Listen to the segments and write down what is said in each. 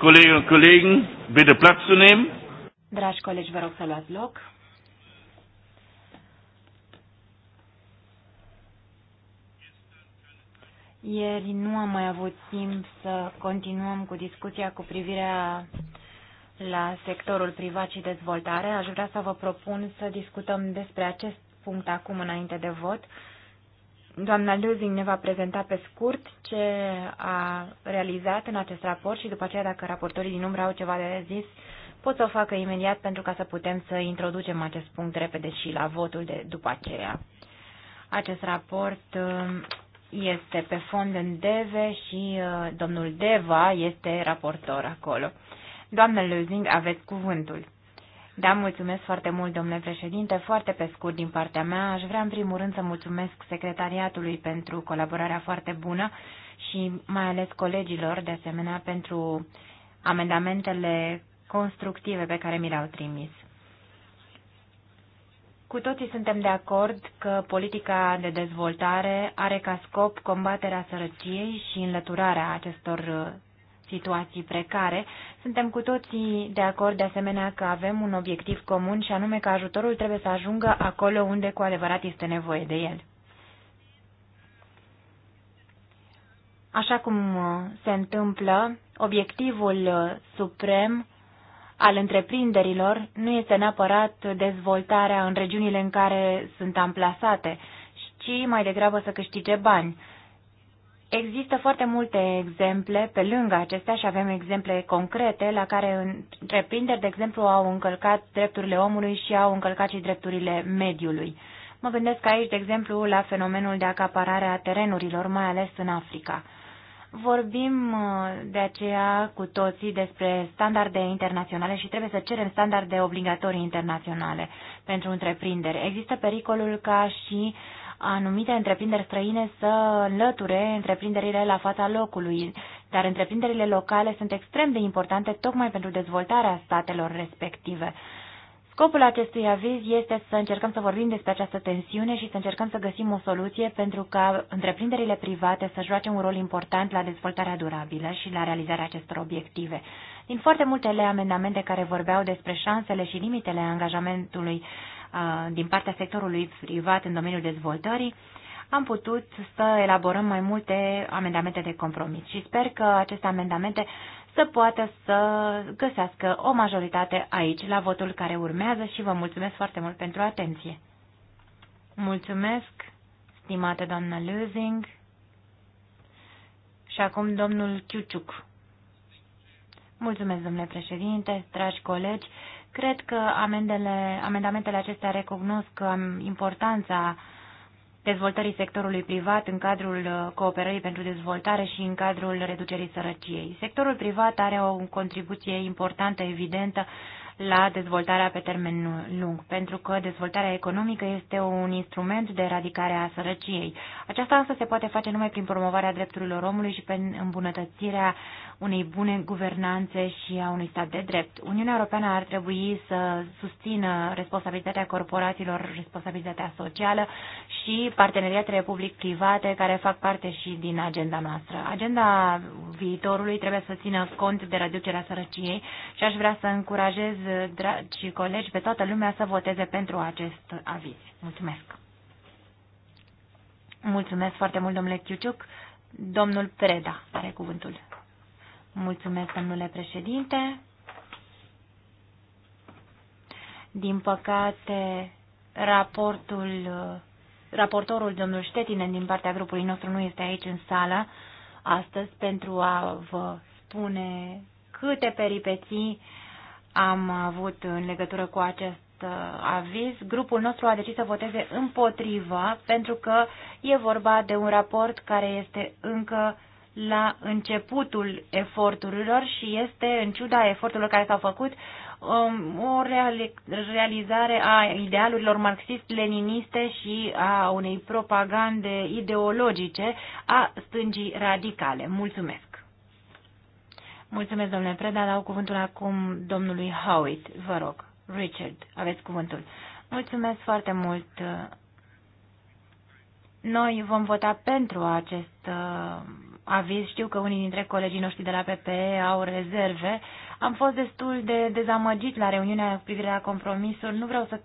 Kolleginnen und Kollegen, bitte Platz zu nehmen. Dragi colegi, vă rog să luați loc. Ieri nu am mai avut timp să continuăm cu discuția cu privirea la sectorul privat și dezvoltare. Aș vrea să vă propun să discutăm despre acest punct acum înainte de vot Doamna Luzing ne va prezenta pe scurt ce a realizat în acest raport și după aceea, dacă raportorii din umbră au ceva de zis, pot să o facă imediat pentru ca să putem să introducem acest punct repede și la votul de după aceea. Acest raport uh, este pe fond în DEVE și uh, domnul Deva este raportor acolo. Doamna Luzing, aveți cuvântul. Da, mulțumesc foarte mult, domnule președinte. Foarte pe scurt din partea mea, aș vrea în primul rând să mulțumesc secretariatului pentru colaborarea foarte bună și mai ales colegilor, de asemenea, pentru amendamentele constructive pe care mi le-au trimis. Cu toții suntem de acord că politica de dezvoltare are ca scop combaterea sărăciei și înlăturarea acestor situații precare. Suntem cu toții de acord de asemenea că avem un obiectiv comun și anume că ajutorul trebuie să ajungă acolo unde cu adevărat este nevoie de el. Așa cum uh, se întâmplă, obiectivul uh, suprem al întreprinderilor nu este neapărat dezvoltarea în regiunile în care sunt amplasate, ci mai degrabă să câștige bani. Există foarte multe exemple pe lângă acestea și avem exemple concrete la care întreprinderi, de exemplu, au încălcat drepturile omului și au încălcat și drepturile mediului. Mă gândesc aici, de exemplu, la fenomenul de acaparare a terenurilor, mai ales în Africa. Vorbim uh, de aceea cu toții despre standarde internaționale și trebuie să cerem standarde obligatorii internaționale pentru întreprinderi. Există pericolul ca și uh, anumite întreprinderi străine să înlăture întreprinderile la fața locului, dar întreprinderile locale sunt extrem de importante tocmai pentru dezvoltarea statelor respective. Scopul acestui aviz este să încercăm să vorbim despre această tensiune și să încercăm să găsim o soluție pentru ca întreprinderile private să joace un rol important la dezvoltarea durabilă și la realizarea acestor obiective. Din foarte multele amendamente care vorbeau despre șansele și limitele angajamentului din partea sectorului privat în domeniul dezvoltării, am putut să elaborăm mai multe amendamente de compromis și sper că aceste amendamente să poată să găsească o majoritate aici, la votul care urmează și vă mulțumesc foarte mult pentru atenție. Mulțumesc, stimată doamnă Lusing. Și acum domnul Chiuciuc. Mulțumesc, domnule președinte, dragi colegi. Cred că amendele, amendamentele acestea recunosc um, importanța dezvoltării sectorului privat în cadrul uh, cooperării pentru dezvoltare și în cadrul reducerii sărăciei. Sectorul privat are o contribuție importantă, evidentă, la dezvoltarea pe termen lung, pentru că dezvoltarea economică este un instrument de eradicare a sărăciei. Aceasta însă se poate face numai prin promovarea drepturilor omului și prin îmbunătățirea unei bune guvernanțe și a unui stat de drept. Uniunea Europeană ar trebui să susțină responsabilitatea corporațiilor, responsabilitatea socială și parteneriatele public-private care fac parte și din agenda noastră. Agenda viitorului trebuie să țină cont de reducerea sărăciei și aș vrea să încurajez, dragi colegi, pe toată lumea să voteze pentru acest aviz. Mulțumesc! Mulțumesc foarte mult, domnule Chiuciuc. Domnul Preda are cuvântul. Mulțumesc, domnule președinte. Din păcate, raportul, raportorul domnul Ștetine din partea grupului nostru nu este aici în sală astăzi pentru a vă spune câte peripeții am avut în legătură cu acest uh, aviz, grupul nostru a decis să voteze împotrivă pentru că e vorba de un raport care este încă la începutul eforturilor și este, în ciuda eforturilor care s-au făcut, um, o realizare a idealurilor marxist-leniniste și a unei propagande ideologice a stângii radicale. Mulțumesc! Mulțumesc, domnule Preda. Dau cuvântul acum domnului Howitt. Vă rog, Richard, aveți cuvântul. Mulțumesc foarte mult. Noi vom vota pentru acest uh, aviz. Știu că unii dintre colegii noștri de la PPE au rezerve. Am fost destul de dezamăgit la reuniunea cu privire la compromisuri. Nu vreau să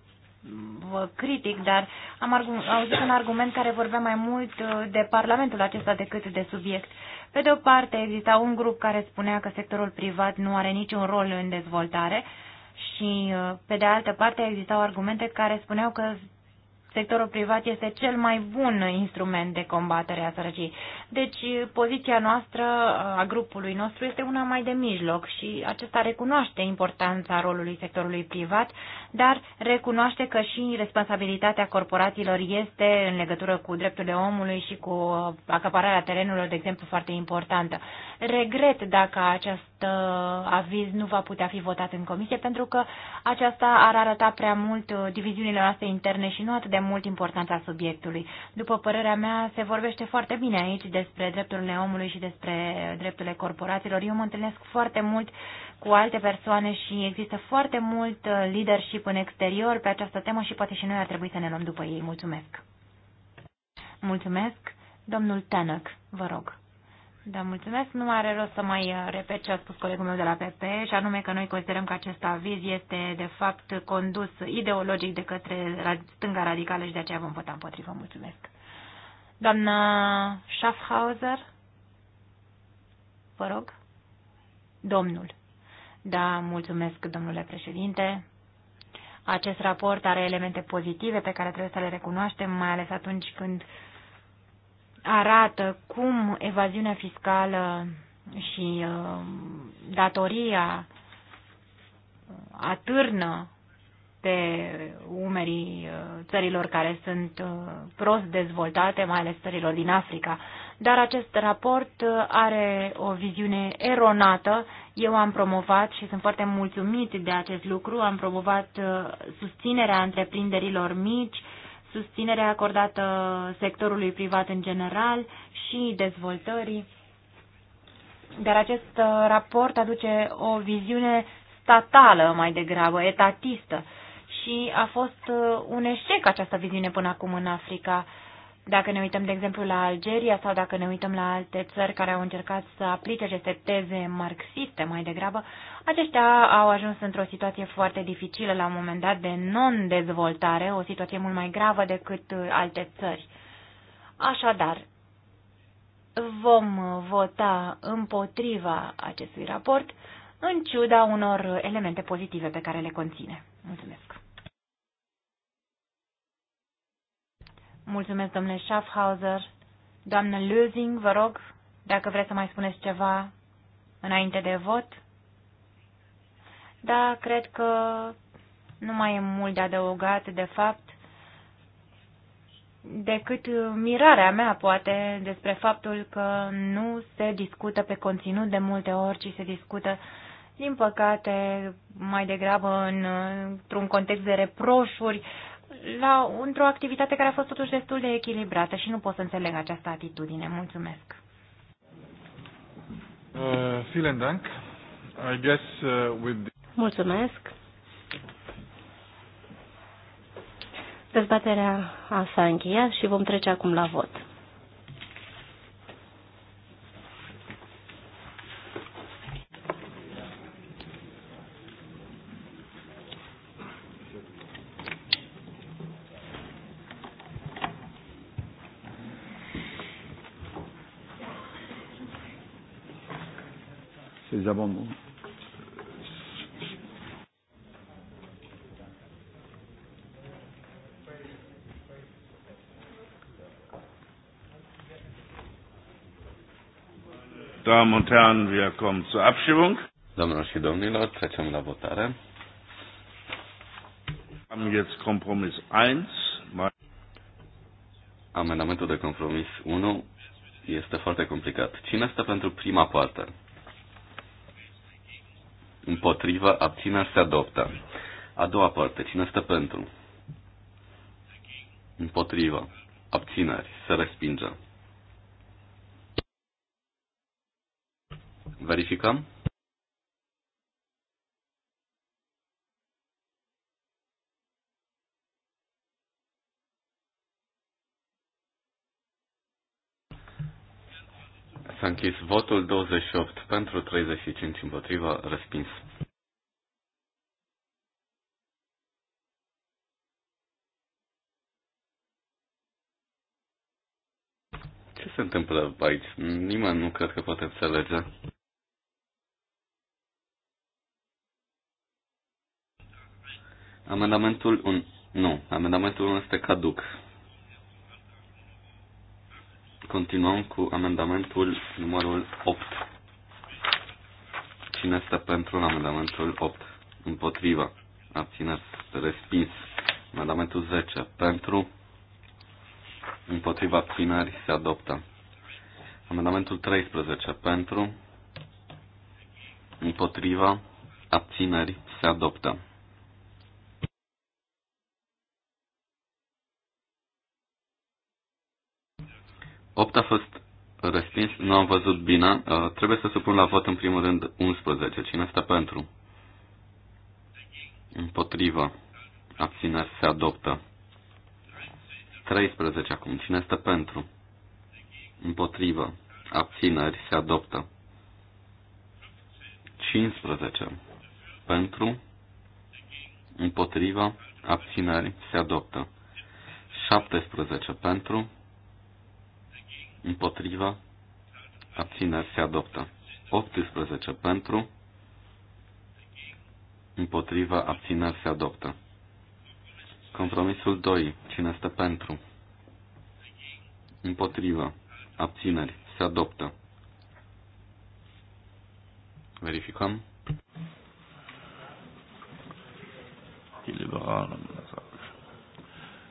vă critic, dar am auzit un argument care vorbea mai mult uh, de Parlamentul acesta decât de subiect. Pe de o parte, exista un grup care spunea că sectorul privat nu are niciun rol în dezvoltare și, uh, pe de altă parte, existau argumente care spuneau că sectorul privat este cel mai bun instrument de combatere a sărăciei. Deci, poziția noastră, a grupului nostru, este una mai de mijloc și acesta recunoaște importanța rolului sectorului privat, dar recunoaște că și responsabilitatea corporațiilor este, în legătură cu drepturile omului și cu uh, acapararea terenurilor, de exemplu, foarte importantă. Regret dacă această Uh, aviz nu va putea fi votat în comisie pentru că aceasta ar arăta prea mult uh, diviziunile noastre interne și nu atât de mult importanța subiectului. După părerea mea, se vorbește foarte bine aici despre drepturile omului și despre drepturile corporațiilor. Eu mă întâlnesc foarte mult cu alte persoane și există foarte mult uh, leadership în exterior pe această temă și poate și noi ar trebui să ne luăm după ei. Mulțumesc! Mulțumesc! Domnul Tanăc, vă rog. Da, mulțumesc. Nu are rost să mai uh, repet ce a spus colegul meu de la PP, și anume că noi considerăm că acest aviz este, de fapt, condus ideologic de către stânga radicală și de aceea vom vota împotrivă. Mulțumesc. Doamna Schaffhauser, vă rog. Domnul. Da, mulțumesc, domnule președinte. Acest raport are elemente pozitive pe care trebuie să le recunoaștem, mai ales atunci când uh, arată cum evaziunea fiscală și uh, datoria atârnă pe umerii uh, țărilor care sunt uh, prost dezvoltate, mai ales țărilor din Africa. Dar acest raport are o viziune eronată. Eu am promovat și sunt foarte mulțumit de acest lucru. Am promovat susținerea întreprinderilor mici, susținerea acordată sectorului privat în general și dezvoltării. Dar acest uh, raport aduce o viziune statală mai degrabă, etatistă. Și a fost uh, un eșec această viziune până acum în Africa. Dacă ne uităm, de exemplu, la Algeria sau dacă ne uităm la alte țări care au încercat să aplice aceste teze marxiste mai degrabă, aceștia au ajuns într-o situație foarte dificilă la un moment dat de non-dezvoltare, o situație mult mai gravă decât uh, alte țări. Așadar, vom uh, vota împotriva acestui raport, în ciuda unor elemente pozitive pe care le conține. Mulțumesc! Mulțumesc, domnule Schaffhauser. Doamnă Lösing, vă rog, dacă vreți să mai spuneți ceva înainte de vot. Da, cred că nu mai e mult de adăugat, de fapt, decât mirarea mea, poate, despre faptul că nu se discută pe conținut de multe ori, ci se discută, din păcate, mai degrabă în, într-un context de reproșuri, la, într-o activitate care a fost totuși destul de echilibrată și nu pot să înțeleg această atitudine. Mulțumesc. Uh, vielen Dank. I guess, uh, with the... Mulțumesc. Dezbaterea a s-a încheiat și vom trece acum la vot. nous avons Damen und Herren, wir kommen zur Abstimmung. Domnilor și domnilor, trecem la votare. Am jetzt Kompromiss 1. Amendamentul de compromis 1 este foarte complicat. Cine este pentru prima parte? împotrivă, abțineri, se adoptă. A doua parte, cine stă pentru? Împotrivă, abțineri, se respinge. Verificăm? S-a închis votul 28 pentru 35 împotriva, respins. Ce se întâmplă aici? Nimeni nu cred că poate înțelege. Amendamentul 1. Nu, amendamentul 1 este caduc. Continuăm cu amendamentul numărul 8. Cine este pentru amendamentul 8? Împotriva. Abțineri. Respins. Amendamentul 10. Pentru. Împotriva abținării se adoptă. Amendamentul 13. Pentru. Împotriva abținării se adoptă. 8 a fost respins, nu am văzut bine. Uh, trebuie să supun la vot în primul rând 11. Cine este pentru? Împotrivă. Abțineri se adoptă. 13 acum. Cine este pentru? Împotrivă. Abțineri se adoptă. 15. Pentru. Împotrivă. Abțineri se adoptă. 17 pentru împotriva, abțineri se adoptă. 18 pentru, împotriva, abțineri se adoptă. Compromisul 2. Cine este pentru? Împotriva. Abțineri. Se adoptă. Verificăm. Die da.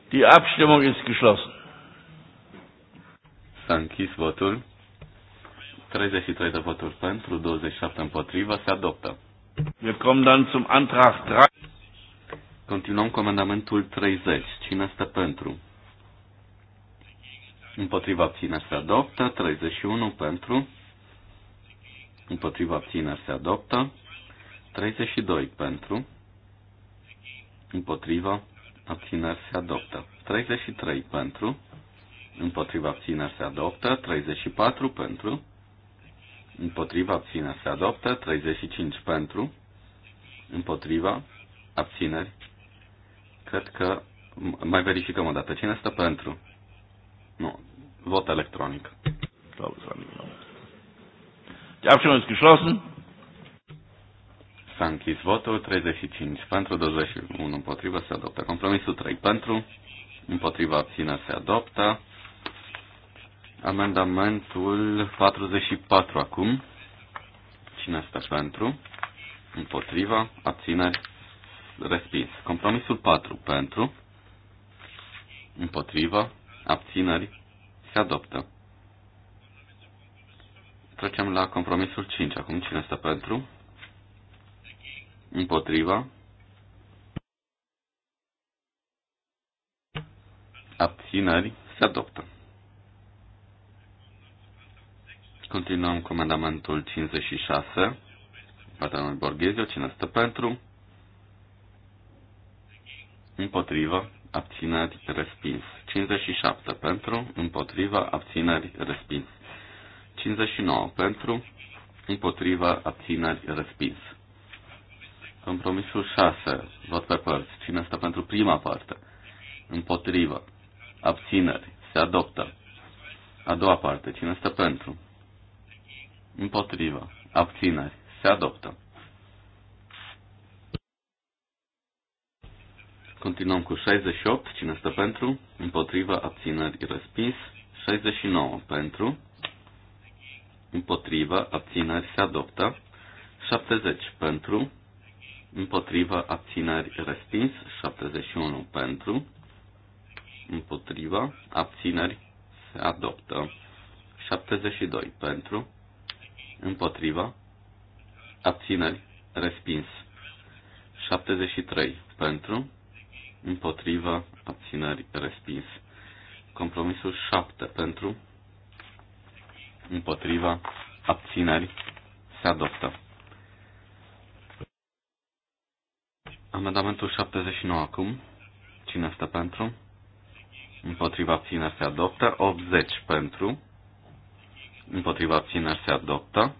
Die Abstimmung ist geschlossen. S-a închis votul. 33 de voturi pentru, 27 împotrivă, se adoptă. Continuăm cu amendamentul 30. Cine stă pentru? Împotriva abține se adoptă. 31 pentru. Împotriva abține se adoptă. 32 pentru. Împotriva abține se adoptă. 33 pentru împotriva abțineri se adoptă, 34 pentru, împotriva abțineri se adoptă, 35 pentru, împotriva abțineri. Cred că mai verificăm o dată. Cine stă pentru? Nu. Vot electronic. Die S-a închis votul, 35 pentru, 21 împotriva se adoptă. Compromisul 3 pentru, împotriva abține, se adoptă. Amendamentul 44 acum. Cine este pentru? Împotriva. Abțineri. Respins. Compromisul 4 pentru. Împotriva. Abțineri. Se adoptă. Trecem la compromisul 5. Acum cine este pentru? Împotriva. Abțineri. Se adoptă. Continuăm cu amendamentul 56. Patanul Borghezio, cine stă pentru? Împotrivă, abțineri, respins. 57 pentru, împotrivă, abțineri, respins. 59 pentru, împotrivă, abțineri, respins. Compromisul 6, vot pe părți. Cine stă pentru prima parte? Împotrivă, abțineri, se adoptă. A doua parte, cine stă pentru? Împotrivă. Abțineri. Se adoptă. Continuăm cu 68. Cine stă pentru? Împotrivă. Abțineri. Respins. 69. Pentru. Împotrivă. Abțineri. Se adoptă. 70. Pentru. Împotrivă. Abțineri. Respins. 71. Pentru. Împotrivă. Abțineri. Se adoptă. 72. Pentru împotriva, abțineri, respins. 73 pentru, împotriva, abțineri, respins. Compromisul 7 pentru, împotriva, abțineri, se adoptă. Amendamentul 79 acum. Cine stă pentru? Împotriva abțineri se adoptă. 80 pentru împotriva abțineri se adoptă.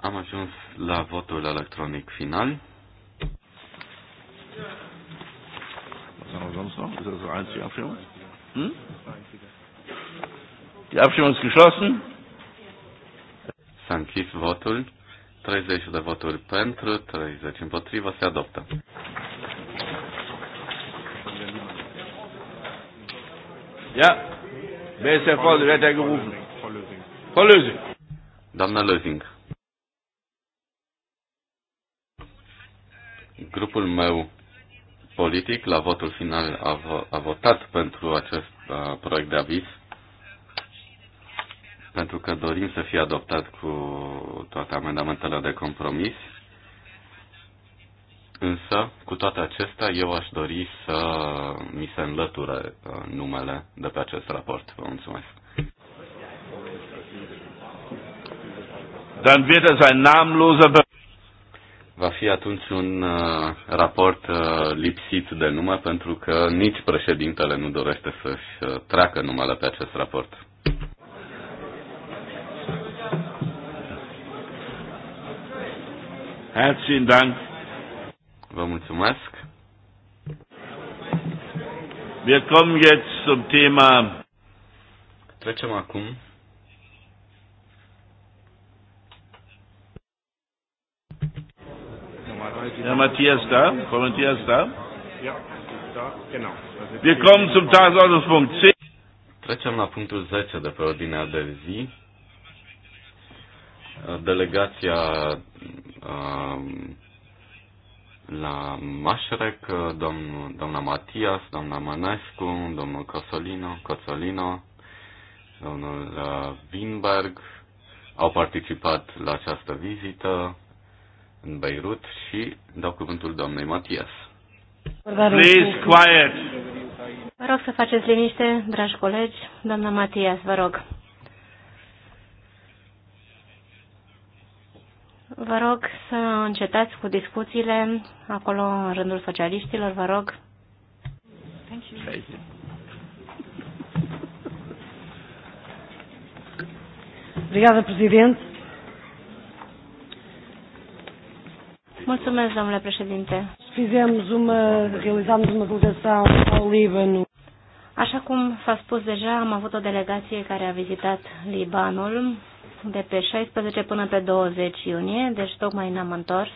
Am ajuns la votul electronic final. Die Abstimmung ist geschlossen. S-a închis votul. 30 de voturi pentru, 30 împotriva, se adoptă. Yeah. Wer ist der Vorsitzende? Wer hat Doamna Lösing. Grupul meu politic la votul final a, a votat pentru acest uh, proiect de aviz pentru că dorim să fie adoptat cu toate amendamentele de compromis Însă, cu toate acestea, eu aș dori să mi se înlăture uh, numele de pe acest raport. Vă mulțumesc. Dann wird es ein namenloser Va fi atunci un uh, raport uh, lipsit de nume pentru că nici președintele nu dorește să-și uh, treacă numele pe acest raport. Herzlichen Dank. Vă mulțumesc. Wir kommen jetzt zum Thema. Trecem acum Herr Matthias da? Frau Matthias da? Ja, da, genau. Also Wir kommen zum Tagesordnungspunkt 10. Trecem la punctul 10 de pe ordinea de zi. Delegația um, la Mașrec, domn, doamna Matias, doamna Mănescu, domnul Cosolino, Cosolino, domnul uh, Winberg au participat la această vizită în Beirut și dau cuvântul doamnei Matias. Please, quiet! Vă rog să faceți liniște, dragi colegi. Doamna Matias, vă rog. Vă rog să încetați cu discuțiile acolo în rândul socialiștilor, vă rog. Obrigada, Presidente. Mulțumesc, domnule președinte. Fizemos uma, realizamos uma delegação ao Líbano. Așa cum s-a spus deja, am avut o delegație care a vizitat Libanul de pe 16 până pe 20 iunie, deci tocmai ne-am întors.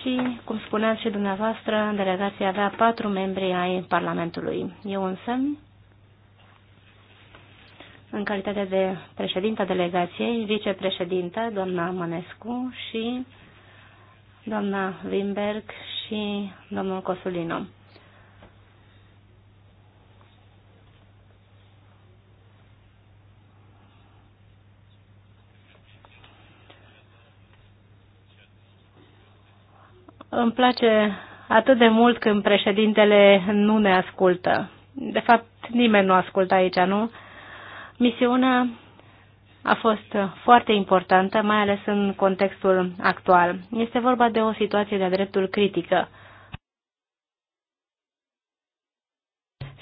Și, cum spuneați și dumneavoastră, delegația avea patru membri ai Parlamentului. Eu însă, în calitate de președinta delegației, vicepreședinta, doamna Mănescu și doamna Wimberg și domnul Cosulino. Îmi place atât de mult când președintele nu ne ascultă. De fapt, nimeni nu ascultă aici, nu? Misiunea a fost foarte importantă, mai ales în contextul actual. Este vorba de o situație de-a dreptul critică.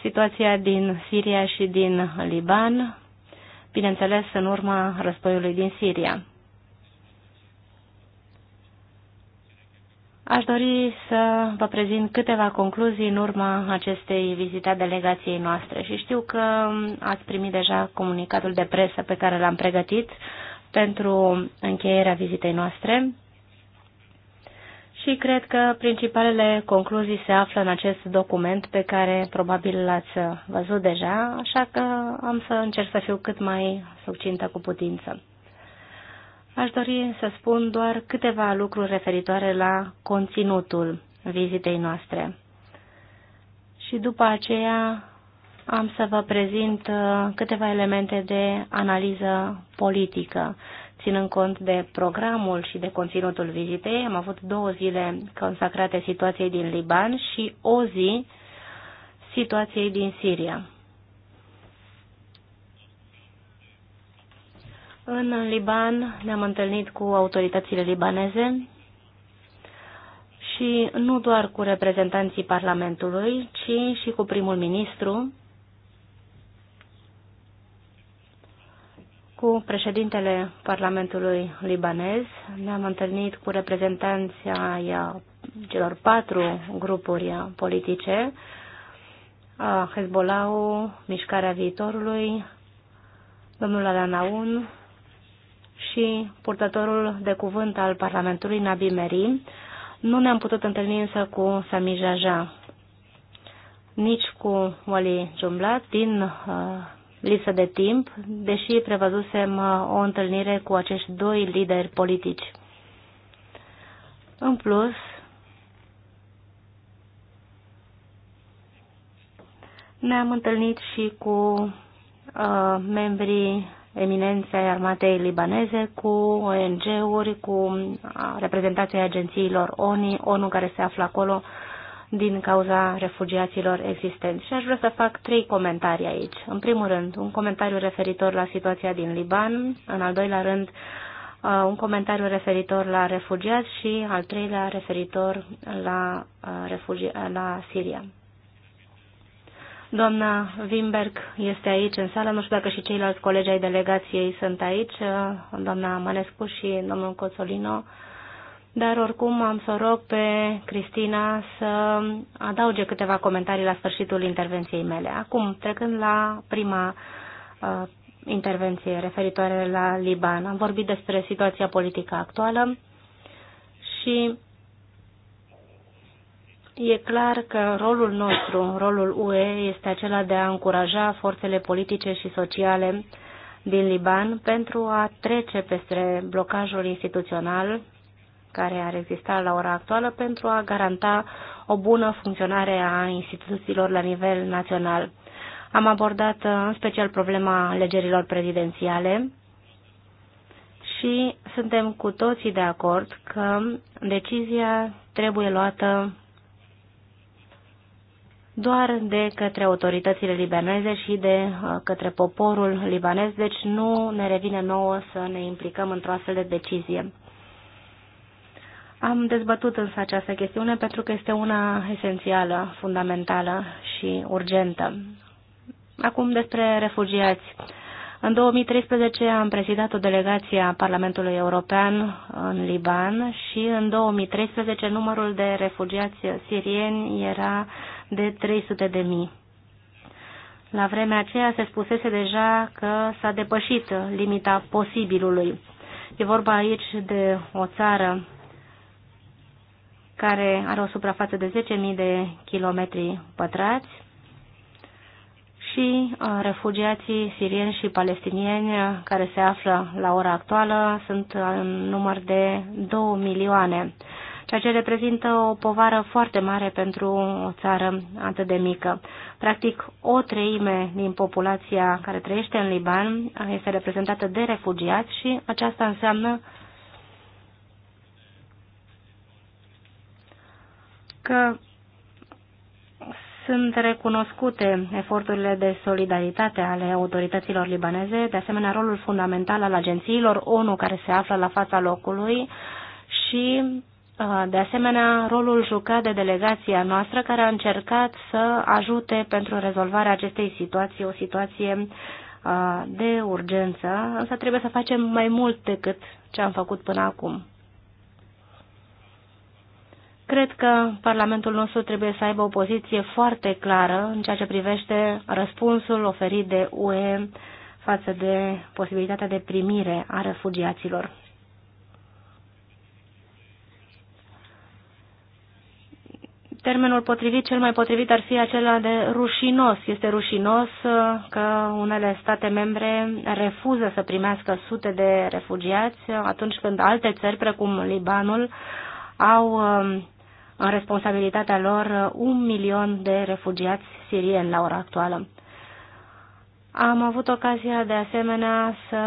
Situația din Siria și din Liban, bineînțeles în urma războiului din Siria. Aș dori să vă prezint câteva concluzii în urma acestei vizite a delegației noastre și știu că ați primit deja comunicatul de presă pe care l-am pregătit pentru încheierea vizitei noastre și cred că principalele concluzii se află în acest document pe care probabil l-ați văzut deja, așa că am să încerc să fiu cât mai succintă cu putință. Aș dori să spun doar câteva lucruri referitoare la conținutul vizitei noastre. Și după aceea am să vă prezint uh, câteva elemente de analiză politică. Ținând cont de programul și de conținutul vizitei, am avut două zile consacrate situației din Liban și o zi situației din Siria. În Liban ne-am întâlnit cu autoritățile libaneze și nu doar cu reprezentanții Parlamentului, ci și cu primul ministru, cu președintele Parlamentului libanez, ne-am întâlnit cu reprezentanții celor patru grupuri politice, Hezbollah, Mișcarea Viitorului, domnul Alanaun și purtătorul de cuvânt al Parlamentului, Nabi Meri. Nu ne-am putut întâlni însă cu Sami Jaja, nici cu Wally Jumblat, din uh, lipsă de timp, deși prevăzusem uh, o întâlnire cu acești doi lideri politici. În plus, ne-am întâlnit și cu uh, membrii eminențe armatei libaneze, cu ONG-uri, cu reprezentanții agențiilor ONI, ONU care se află acolo din cauza refugiaților existenți. Și aș vrea să fac trei comentarii aici. În primul rând, un comentariu referitor la situația din Liban, în al doilea rând, un comentariu referitor la refugiați și al treilea referitor la, refugi- la Siria. Doamna Wimberg este aici în sală, nu știu dacă și ceilalți colegi ai delegației sunt aici, uh, doamna Manescu și domnul Coțolino, dar oricum am să rog pe Cristina să adauge câteva comentarii la sfârșitul intervenției mele. Acum, trecând la prima uh, intervenție referitoare la Liban, am vorbit despre situația politică actuală și E clar că rolul nostru, rolul UE, este acela de a încuraja forțele politice și sociale din Liban pentru a trece peste blocajul instituțional care ar exista la ora actuală pentru a garanta o bună funcționare a instituțiilor la nivel național. Am abordat în special problema alegerilor prezidențiale și suntem cu toții de acord că decizia trebuie luată doar de către autoritățile libaneze și de uh, către poporul libanez, deci nu ne revine nouă să ne implicăm într-o astfel de decizie. Am dezbătut însă această chestiune pentru că este una esențială, fundamentală și urgentă. Acum despre refugiați. În 2013 am prezidat o delegație a Parlamentului European în Liban și în 2013 numărul de refugiați sirieni era de 300 de mii. La vremea aceea se spusese deja că s-a depășit limita posibilului. E vorba aici de o țară care are o suprafață de 10.000 de kilometri pătrați și uh, refugiații sirieni și palestinieni uh, care se află la ora actuală sunt în număr de 2 milioane, ceea ce reprezintă o povară foarte mare pentru o țară atât de mică. Practic, o treime din populația care trăiește în Liban uh, este reprezentată de refugiați și aceasta înseamnă că sunt recunoscute eforturile de solidaritate ale autorităților libaneze, de asemenea rolul fundamental al agențiilor ONU care se află la fața locului și, uh, de asemenea, rolul jucat de delegația noastră care a încercat să ajute pentru rezolvarea acestei situații, o situație uh, de urgență, însă trebuie să facem mai mult decât ce am făcut până acum. Cred că Parlamentul nostru trebuie să aibă o poziție foarte clară în ceea ce privește răspunsul oferit de UE față de posibilitatea de primire a refugiaților. Termenul potrivit, cel mai potrivit ar fi acela de rușinos. Este rușinos că unele state membre refuză să primească sute de refugiați atunci când alte țări, precum Libanul, au um, în responsabilitatea lor un milion de refugiați sirieni la ora actuală. Am avut ocazia de asemenea să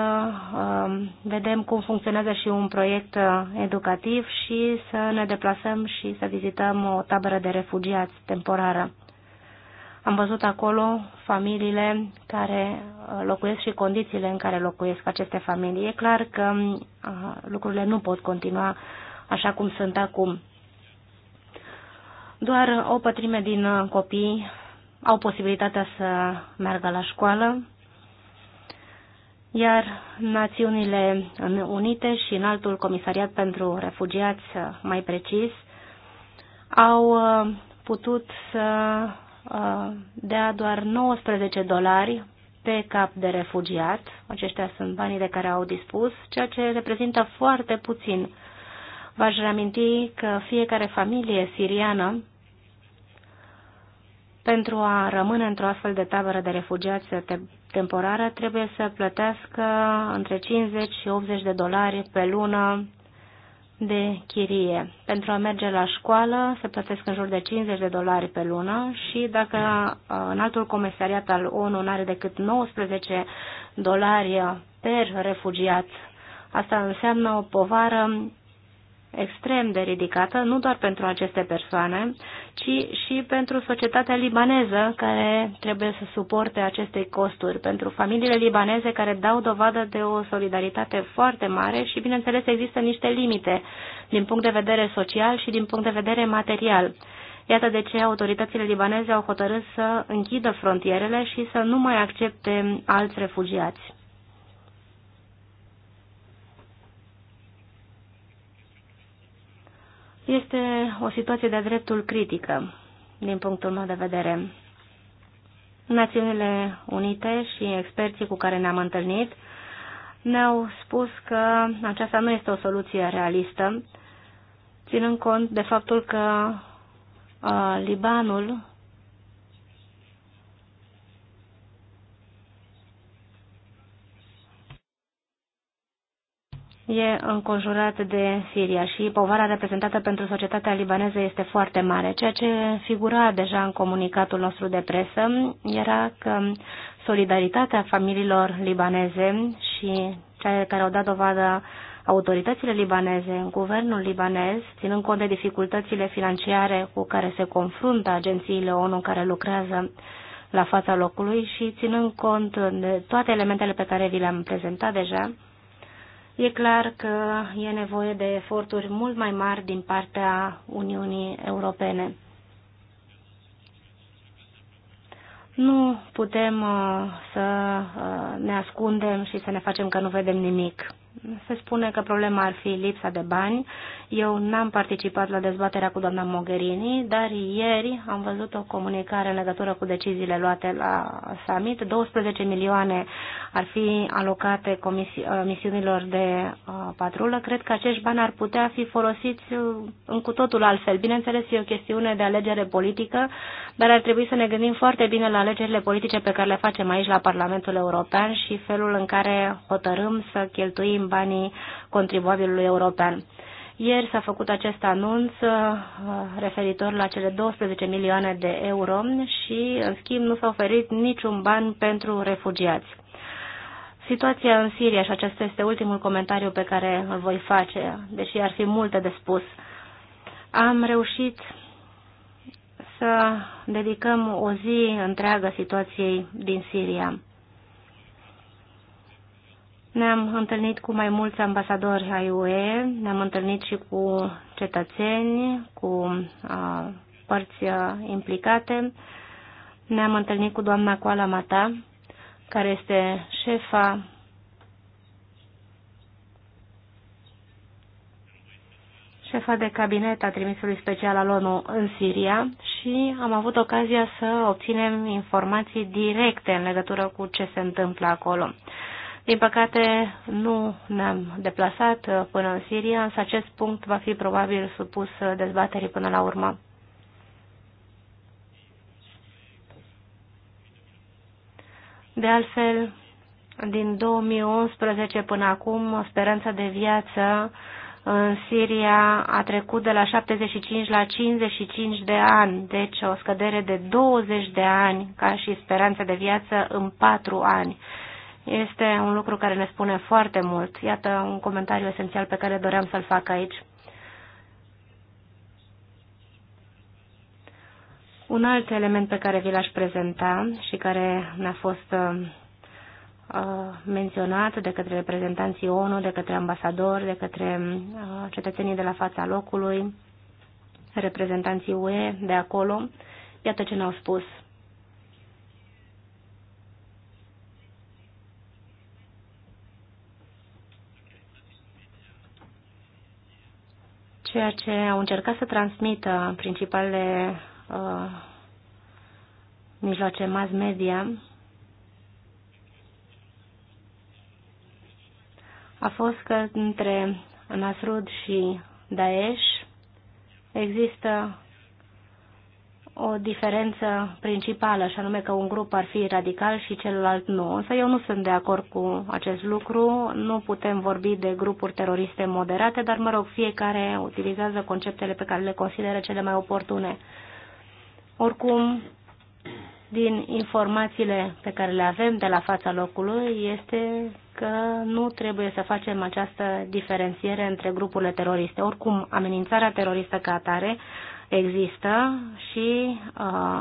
um, vedem cum funcționează și un proiect uh, educativ și să ne deplasăm și să vizităm o tabără de refugiați temporară. Am văzut acolo familiile care uh, locuiesc și condițiile în care locuiesc aceste familii. E clar că uh, lucrurile nu pot continua așa cum sunt acum. Doar o pătrime din uh, copii au posibilitatea să meargă la școală, iar Națiunile Unite și în altul Comisariat pentru Refugiați, uh, mai precis, au uh, putut să dea doar 19 dolari pe cap de refugiat. Aceștia sunt banii de care au dispus, ceea ce reprezintă foarte puțin. V-aș reaminti că fiecare familie siriană pentru a rămâne într-o astfel de tabără de refugiați te temporară, trebuie să plătească între 50 și 80 de dolari pe lună de chirie. Pentru a merge la școală se plătesc în jur de 50 de dolari pe lună și dacă uh, în altul comisariat al ONU nu are decât 19 dolari per refugiat, asta înseamnă o povară extrem de ridicată, nu doar pentru aceste persoane, ci și pentru societatea libaneză care trebuie să suporte aceste costuri, pentru familiile libaneze care dau dovadă de o solidaritate foarte mare și, bineînțeles, există niște limite din punct de vedere social și din punct de vedere material. Iată de ce autoritățile libaneze au hotărât să închidă frontierele și să nu mai accepte alți refugiați. Este o situație de-a dreptul critică, din punctul meu de vedere. Națiunile Unite și experții cu care ne-am întâlnit ne-au spus că aceasta nu este o soluție realistă, ținând cont de faptul că uh, Libanul e înconjurat de Siria și povara reprezentată pentru societatea libaneză este foarte mare. Ceea ce figura deja în comunicatul nostru de presă era că solidaritatea familiilor libaneze și cea care au dat dovadă autoritățile libaneze, guvernul libanez, ținând cont de dificultățile financiare cu care se confruntă agențiile ONU care lucrează la fața locului și ținând cont de toate elementele pe care vi le-am prezentat deja, E clar că e nevoie de eforturi mult mai mari din partea Uniunii Europene. Nu putem uh, să uh, ne ascundem și să ne facem că nu vedem nimic se spune că problema ar fi lipsa de bani. Eu n-am participat la dezbaterea cu doamna Mogherini, dar ieri am văzut o comunicare în legătură cu deciziile luate la summit. 12 milioane ar fi alocate uh, misiunilor de uh, patrulă. Cred că acești bani ar putea fi folosiți uh, în cu totul altfel. Bineînțeles, e o chestiune de alegere politică, dar ar trebui să ne gândim foarte bine la alegerile politice pe care le facem aici la Parlamentul European și felul în care hotărâm să cheltuim din banii contribuabilului european. Ieri s-a făcut acest anunț uh, referitor la cele 12 milioane de euro și, în schimb, nu s-a oferit niciun ban pentru refugiați. Situația în Siria, și acesta este ultimul comentariu pe care îl voi face, deși ar fi multe de spus, am reușit să dedicăm o zi întreagă situației din Siria. Ne-am întâlnit cu mai mulți ambasadori ai UE, ne-am întâlnit și cu cetățeni, cu a, părți implicate. Ne-am întâlnit cu doamna Coala Mata, care este șefa șefa de cabinet a trimisului special al ONU în Siria și am avut ocazia să obținem informații directe în legătură cu ce se întâmplă acolo. Din păcate, nu ne-am deplasat uh, până în Siria, însă acest punct va fi probabil supus uh, dezbaterii până la urmă. De altfel, din 2011 până acum, speranța de viață în Siria a trecut de la 75 la 55 de ani, deci o scădere de 20 de ani ca și speranța de viață în 4 ani este un lucru care ne spune foarte mult. Iată un comentariu esențial pe care doream să-l fac aici. Un alt element pe care vi l-aș prezenta și care ne-a fost uh, menționat de către reprezentanții ONU, de către ambasadori, de către uh, cetățenii de la fața locului, reprezentanții UE de acolo, iată ce ne-au spus. Ceea ce au încercat să transmită principalele uh, mijloace mass media a fost că între Nasrud și Daesh există o diferență principală, și anume că un grup ar fi radical și celălalt nu. Însă eu nu sunt de acord cu acest lucru, nu putem vorbi de grupuri teroriste moderate, dar mă rog, fiecare utilizează conceptele pe care le consideră cele mai oportune. Oricum, din informațiile pe care le avem de la fața locului este că nu trebuie să facem această diferențiere între grupurile teroriste. Oricum, amenințarea teroristă ca atare există și uh,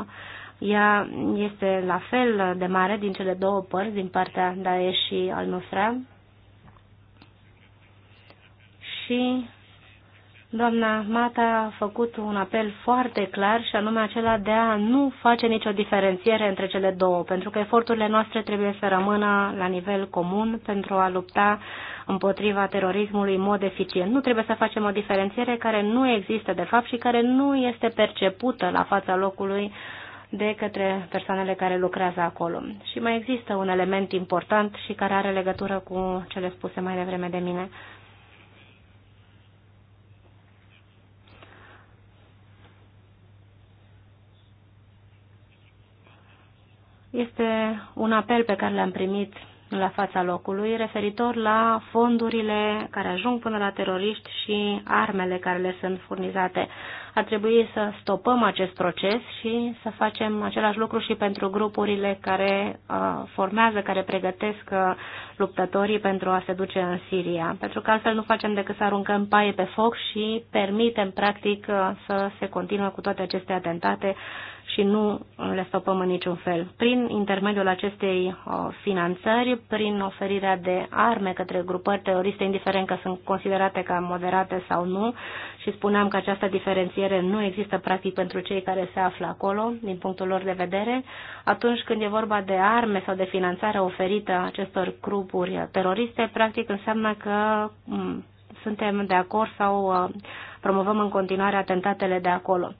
ea este la fel de mare din cele două părți, din partea Daesh și al-Nusra. Și Doamna Mata a făcut un apel foarte clar și anume acela de a nu face nicio diferențiere între cele două, pentru că eforturile noastre trebuie să rămână la nivel comun pentru a lupta împotriva terorismului în mod eficient. Nu trebuie să facem o diferențiere care nu există de fapt și care nu este percepută la fața locului de către persoanele care lucrează acolo. Și mai există un element important și care are legătură cu cele spuse mai devreme de mine. Este un apel pe care l-am primit la fața locului referitor la fondurile care ajung până la teroriști și armele care le sunt furnizate. Ar trebui să stopăm acest proces și să facem același lucru și pentru grupurile care uh, formează, care pregătesc uh, luptătorii pentru a se duce în Siria. Pentru că altfel nu facem decât să aruncăm paie pe foc și permitem practic uh, să se continue cu toate aceste atentate și nu le stopăm în niciun fel. Prin intermediul acestei uh, finanțări, prin oferirea de arme către grupări teroriste, indiferent că sunt considerate ca moderate sau nu, și spuneam că această diferențiere nu există practic pentru cei care se află acolo, din punctul lor de vedere, atunci când e vorba de arme sau de finanțare oferită acestor grupuri teroriste, practic înseamnă că mm, suntem de acord sau uh, promovăm în continuare atentatele de acolo.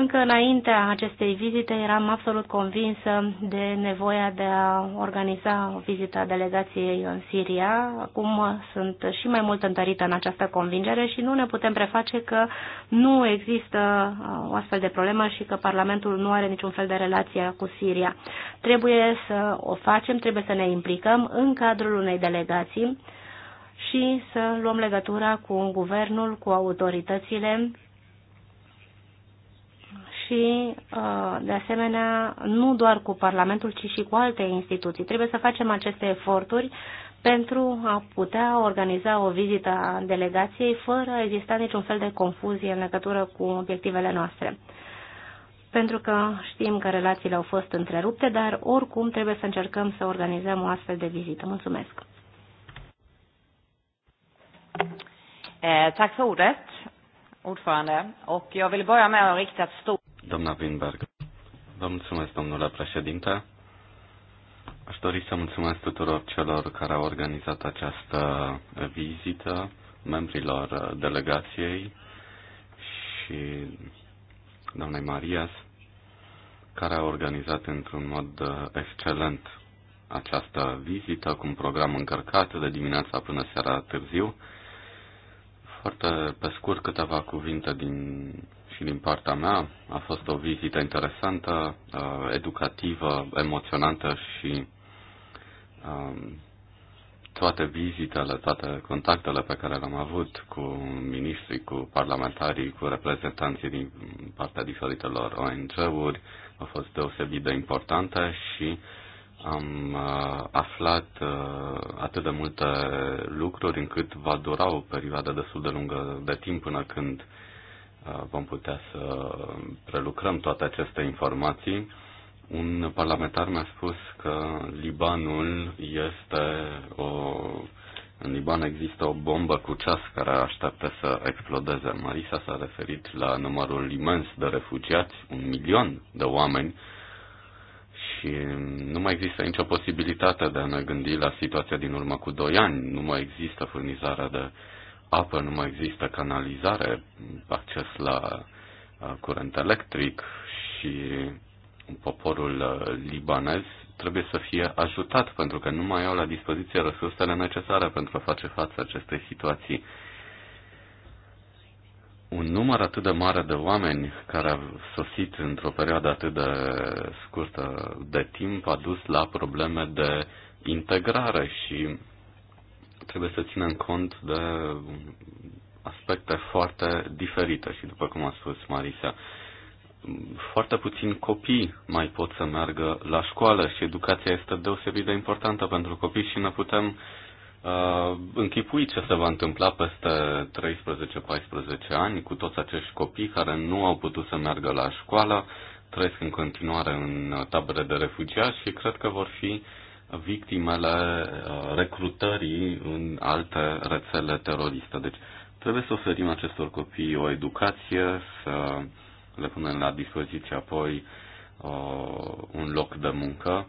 Încă înaintea acestei vizite eram absolut convinsă de nevoia de a organiza o vizită a delegației în Siria. Acum sunt și mai mult întărită în această convingere și nu ne putem preface că nu există uh, o astfel de problemă și că Parlamentul nu are niciun fel de relație cu Siria. Trebuie să o facem, trebuie să ne implicăm în cadrul unei delegații și să luăm legătura cu guvernul, cu autoritățile și, uh, de asemenea, nu doar cu Parlamentul, ci și cu alte instituții. Trebuie să facem aceste eforturi pentru a putea organiza o vizită a delegației fără a exista niciun fel de confuzie în legătură cu obiectivele noastre. Pentru că știm că relațiile au fost întrerupte, dar oricum trebuie să încercăm să organizăm o astfel de vizită. Mulțumesc! Eh, tack för ordet, ordförande. Och jag vill börja med att rikta ett stort Doamna Winberg. Vă mulțumesc, domnule președinte. Aș dori să mulțumesc tuturor celor care au organizat această vizită, membrilor delegației și doamnei Marias, care a organizat într-un mod excelent această vizită cu un program încărcat de dimineața până seara târziu. Foarte pe scurt câteva cuvinte din și din partea mea. A fost o vizită interesantă, uh, educativă, emoționantă și um, toate vizitele, toate contactele pe care le-am avut cu ministrii, cu parlamentarii, cu reprezentanții din partea diferitelor ONG-uri au fost deosebit de importante și am uh, aflat uh, atât de multe lucruri încât va dura o perioadă destul de lungă de timp până când Uh, vom putea să prelucrăm toate aceste informații. Un parlamentar mi-a spus că Libanul este o... În Liban există o bombă cu ceas care așteaptă să explodeze. Marisa s-a referit la numărul imens de refugiați, un milion de oameni, și nu mai există nicio posibilitate de a ne gândi la situația din urmă cu doi ani. Nu mai există furnizarea de uh, apă, nu mai există canalizare, acces la uh, curent electric și poporul uh, libanez trebuie să fie ajutat pentru că nu mai au la dispoziție resursele necesare pentru a face față acestei situații. Un număr atât de mare de oameni care au sosit într-o perioadă atât de scurtă de timp a dus la probleme de integrare și trebuie să ținem cont de aspecte foarte diferite și, după cum a spus Marisa, foarte puțin copii mai pot să meargă la școală și educația este deosebit de importantă pentru copii și ne putem uh, închipui ce se va întâmpla peste 13-14 ani cu toți acești copii care nu au putut să meargă la școală, trăiesc în continuare în tabere de refugiați și cred că vor fi uh, victimele uh, recrutării în alte rețele teroriste. Deci trebuie să oferim acestor copii o educație, să le punem la dispoziție apoi uh, un loc de muncă.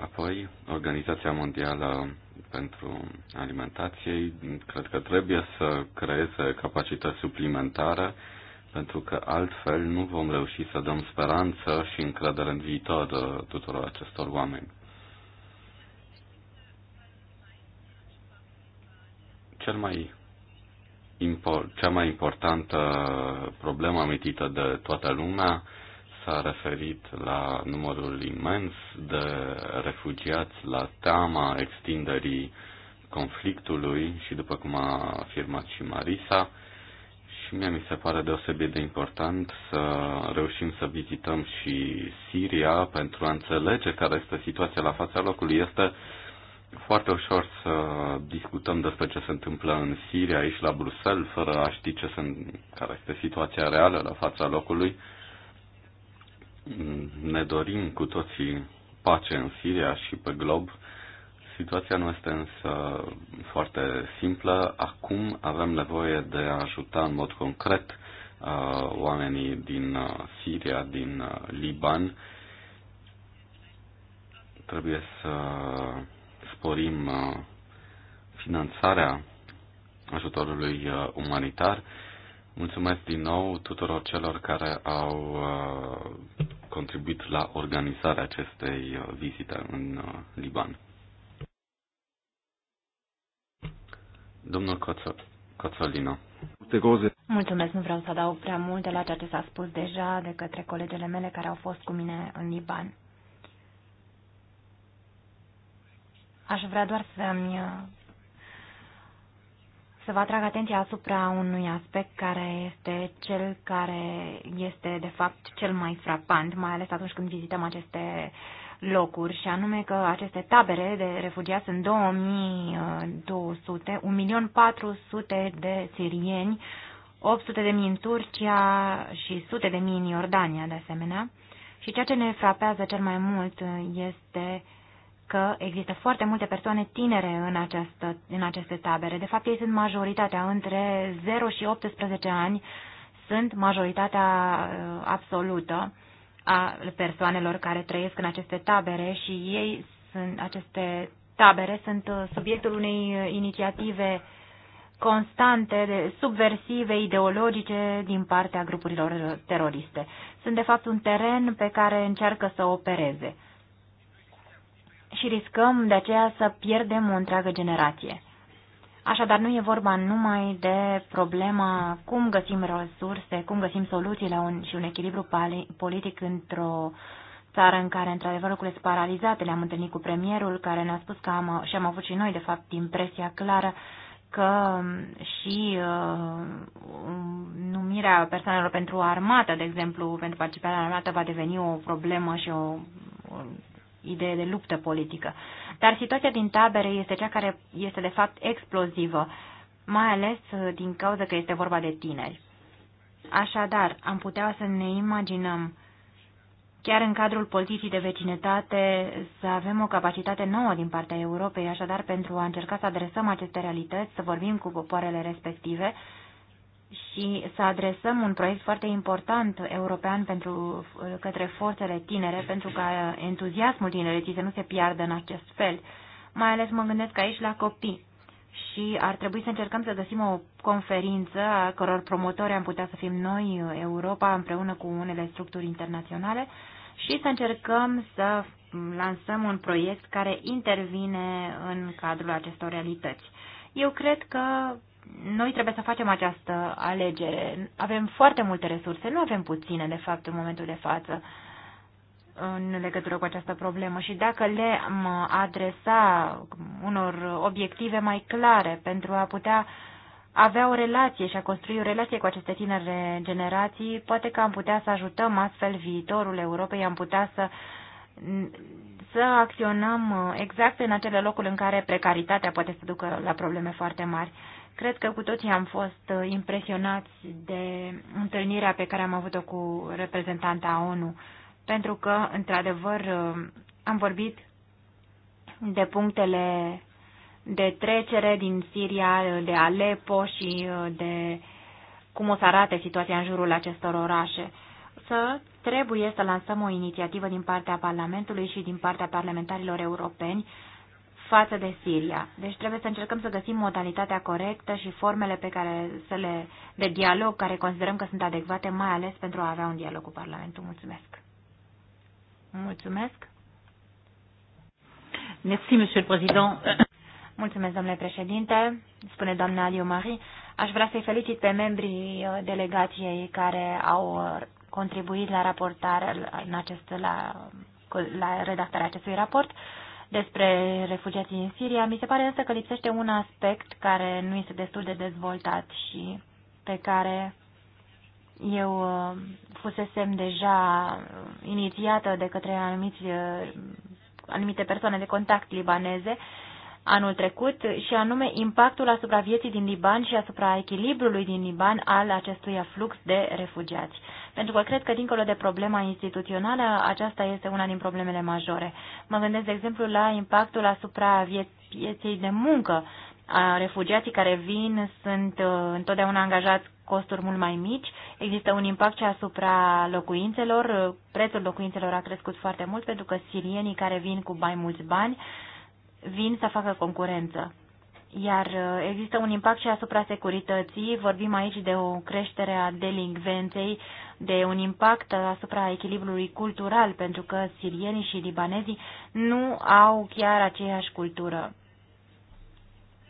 Apoi, Organizația Mondială pentru Alimentație, cred că trebuie să creeze capacități suplimentare, pentru că altfel nu vom reuși să dăm speranță și încredere în viitor uh, tuturor acestor oameni. Cel mai cea mai importantă problemă amintită de toată lumea s-a referit la numărul imens de refugiați, la teama extinderii conflictului și după cum a afirmat și Marisa, și mie mi se pare deosebit de important să reușim să vizităm și Siria pentru a înțelege care este situația la fața locului. Este foarte ușor să discutăm despre ce se întâmplă în Siria, aici la Bruxelles, fără a ști ce sunt care este situația reală la fața locului. Ne dorim cu toții pace în Siria și pe glob. Situația nu este însă foarte simplă. Acum avem nevoie de a ajuta în mod concret uh, oamenii din uh, Siria, din uh, Liban. Trebuie să sporim uh, finanțarea ajutorului uh, umanitar. Mulțumesc din nou tuturor celor care au uh, contribuit la organizarea acestei vizite în Liban. Domnul Coțo, Coțolino. Mulțumesc, nu vreau să adaug prea multe. la ceea ce s-a spus deja de către colegele mele care au fost cu mine în Liban. Aș vrea doar să-mi să vă atrag atenția asupra unui aspect care este cel care este de fapt cel mai frapant, mai ales atunci când vizităm aceste locuri, și anume că aceste tabere de refugiați sunt 2200, 1.400.000 de sirieni, 800.000 în Turcia și sute de mii în Iordania, de asemenea. Și ceea ce ne frapează cel mai mult este că există foarte multe persoane tinere în, această, în aceste tabere. De fapt, ei sunt majoritatea între 0 și 18 ani, sunt majoritatea uh, absolută a persoanelor care trăiesc în aceste tabere și ei sunt, aceste tabere sunt uh, subiectul unei uh, inițiative constante, subversive, ideologice din partea grupurilor teroriste. Sunt, de fapt, un teren pe care încearcă să opereze și riscăm de aceea să pierdem o întreagă generație. Așadar, nu e vorba numai de problema cum găsim resurse, cum găsim soluții la un, și un echilibru politic într-o țară în care, într-adevăr, lucrurile sunt paralizate. Le-am întâlnit cu premierul care ne-a spus că am, și am avut și noi, de fapt, impresia clară că mm, și uh, numirea persoanelor pentru armată, de exemplu, pentru participarea la armată, va deveni o problemă și o, o idee de luptă politică. Dar situația din tabere este cea care este de fapt explozivă, mai ales uh, din cauza că este vorba de tineri. Așadar, am putea să ne imaginăm chiar în cadrul politicii de vecinătate să avem o capacitate nouă din partea Europei, așadar pentru a încerca să adresăm aceste realități, să vorbim cu popoarele respective, și să adresăm un proiect foarte important european pentru, uh, către forțele tinere, pentru ca entuziasmul tinerii să nu se piardă în acest fel. Mai ales mă gândesc aici la copii și ar trebui să încercăm să găsim o conferință a căror promotori am putea să fim noi, uh, Europa, împreună cu unele structuri internaționale și să încercăm să mm, lansăm un proiect care intervine în cadrul acestor realități. Eu cred că noi trebuie să facem această alegere. Avem foarte multe resurse, nu avem puține, de fapt, în momentul de față în legătură cu această problemă și dacă le-am adresa unor obiective mai clare pentru a putea avea o relație și a construi o relație cu aceste tinere generații, poate că am putea să ajutăm astfel viitorul Europei, am putea să să acționăm exact în acele locuri în care precaritatea poate să ducă la probleme foarte mari. Cred că cu toții am fost uh, impresionați de întâlnirea pe care am avut-o cu reprezentanta ONU, pentru că, într-adevăr, uh, am vorbit de punctele de trecere din Siria, de Aleppo și uh, de cum o să arate situația în jurul acestor orașe. Să trebuie să lansăm o inițiativă din partea Parlamentului și din partea parlamentarilor europeni față de Siria. Deci trebuie să încercăm să găsim modalitatea corectă și formele pe care să le, de dialog care considerăm că sunt adecvate, mai ales pentru a avea un dialog cu Parlamentul. Mulțumesc! Mulțumesc! Merci, Monsieur le Président. Mulțumesc, domnule președinte, spune doamna Alio Marie. Aș vrea să-i felicit pe membrii uh, delegației care au uh, contribuit la raportare în acest, la, la redactarea acestui raport. Uh, despre refugiații în Siria. Mi se pare însă că lipsește un aspect care nu este destul de dezvoltat și pe care eu uh, fusesem deja inițiată de către anumiți, uh, anumite persoane de contact libaneze anul trecut, și anume impactul asupra vieții din Liban și asupra echilibrului din Liban al acestuia flux de refugiați. Pentru că cred că, dincolo de problema instituțională, aceasta este una din problemele majore. Mă gândesc, de exemplu, la impactul asupra vieții de muncă. Refugiații care vin sunt uh, întotdeauna angajați costuri mult mai mici, există un impact și asupra locuințelor, prețul locuințelor a crescut foarte mult pentru că sirienii care vin cu mai mulți bani vin să facă concurență. Iar uh, există un impact și asupra securității, vorbim aici de o creștere a delinvenței, de un impact asupra echilibrului cultural, pentru că sirienii și libanezii nu au chiar aceeași cultură.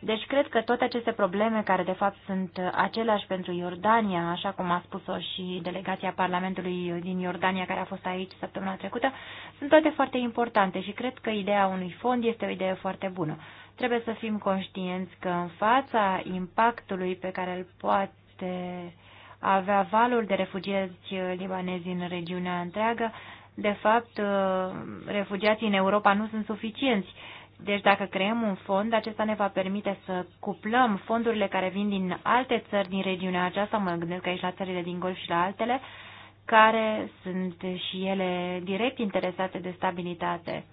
Deci cred că toate aceste probleme, care de fapt sunt aceleași pentru Iordania, așa cum a spus-o și delegația Parlamentului din Iordania care a fost aici săptămâna trecută, sunt toate foarte importante și cred că ideea unui fond este o idee foarte bună. Trebuie să fim conștienți că în fața impactului pe care îl poate avea valul de refugiați libanezi în regiunea întreagă, de fapt, refugiații în Europa nu sunt suficienți deci dacă creăm un fond, acesta ne va permite să cuplăm fondurile care vin din alte țări din regiunea aceasta, mă gândesc aici la țările din Golf și la altele, care sunt și ele direct interesate de stabilitate,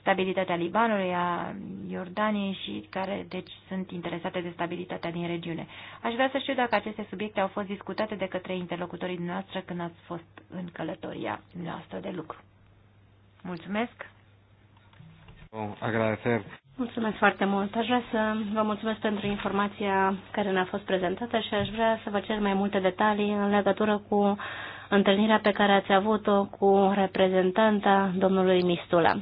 stabilitatea Libanului, a Iordaniei și care deci sunt interesate de stabilitatea din regiune. Aș vrea să știu dacă aceste subiecte au fost discutate de către interlocutorii dumneavoastră când ați fost în călătoria noastră de lucru. Mulțumesc! Mulțumesc foarte mult. Aș vrea să vă mulțumesc pentru informația care ne-a fost prezentată și aș vrea să vă cer mai multe detalii în legătură cu întâlnirea pe care ați avut-o cu reprezentanta domnului Mistula.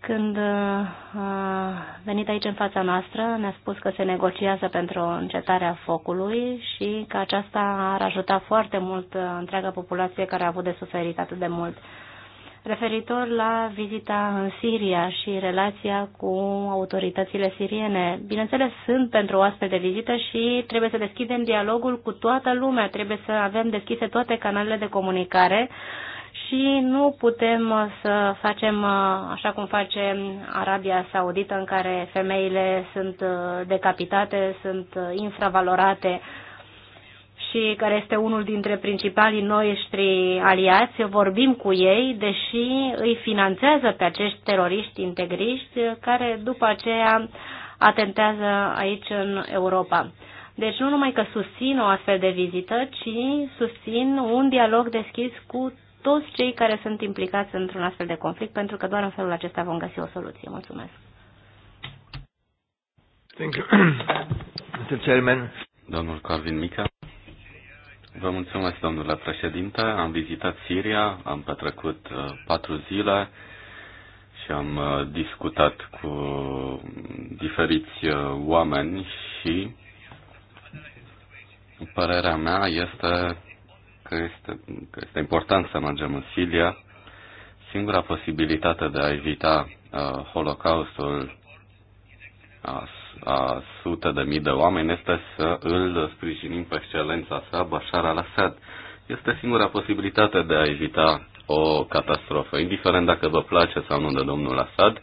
Când uh, a venit aici în fața noastră, ne-a spus că se negociază pentru încetarea focului și că aceasta ar ajuta foarte mult uh, întreaga populație care a avut de suferit atât de mult. Referitor la vizita în Siria și relația cu autoritățile siriene, bineînțeles, sunt pentru o astfel de vizită și trebuie să deschidem dialogul cu toată lumea, trebuie să avem deschise toate canalele de comunicare și nu putem să facem uh, așa cum face Arabia Saudită, în care femeile sunt uh, decapitate, sunt uh, infravalorate, și care este unul dintre principalii noștri aliați, vorbim cu ei, deși îi finanțează pe acești teroriști integriști care după aceea atentează aici în Europa. Deci nu numai că susțin o astfel de vizită, ci susțin un dialog deschis cu toți cei care sunt implicați într-un astfel de conflict, pentru că doar în felul acesta vom găsi o soluție. Mulțumesc. Thank you. Mr. Chairman. Domnul Corvin Mica. Vă mulțumesc, domnule președinte. Am vizitat Siria, am petrecut uh, patru zile și am uh, discutat cu diferiți uh, oameni și părerea mea este că este, că este important să mergem în Siria. Singura posibilitate de a evita uh, Holocaustul a sute de mii de oameni este să îl sprijinim pe excelența sa, Bashar al-Assad. Este singura posibilitate de a evita o catastrofă. Indiferent dacă vă place sau nu de domnul Assad,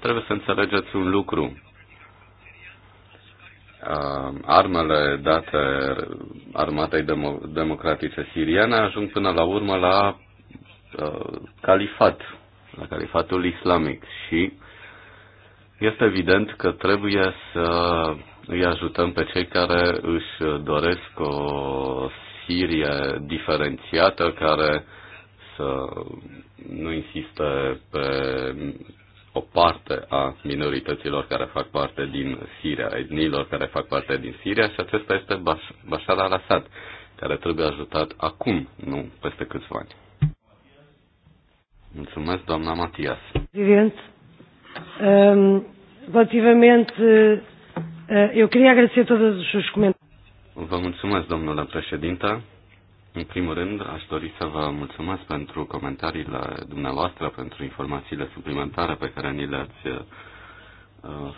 trebuie să înțelegeți un lucru. Armele date armatei demo- democratice siriene ajung până la urmă la califat, la califatul islamic și uh, este evident că trebuie să îi ajutăm pe cei care își doresc o Sirie diferențiată, care să nu insiste pe o parte a minorităților care fac parte din Siria, etniilor care fac parte din Siria și acesta este Bashar al-Assad, care trebuie ajutat acum, nu peste câțiva ani. Mulțumesc, doamna Matias. Vivian. Um, relativamente, uh, eu queria agradecer todos os seus comentários. Vă mulțumesc, domnule președinte. În primul rând, aș dori să vă mulțumesc pentru comentariile dumneavoastră, pentru informațiile suplimentare pe care ni le-ați eh,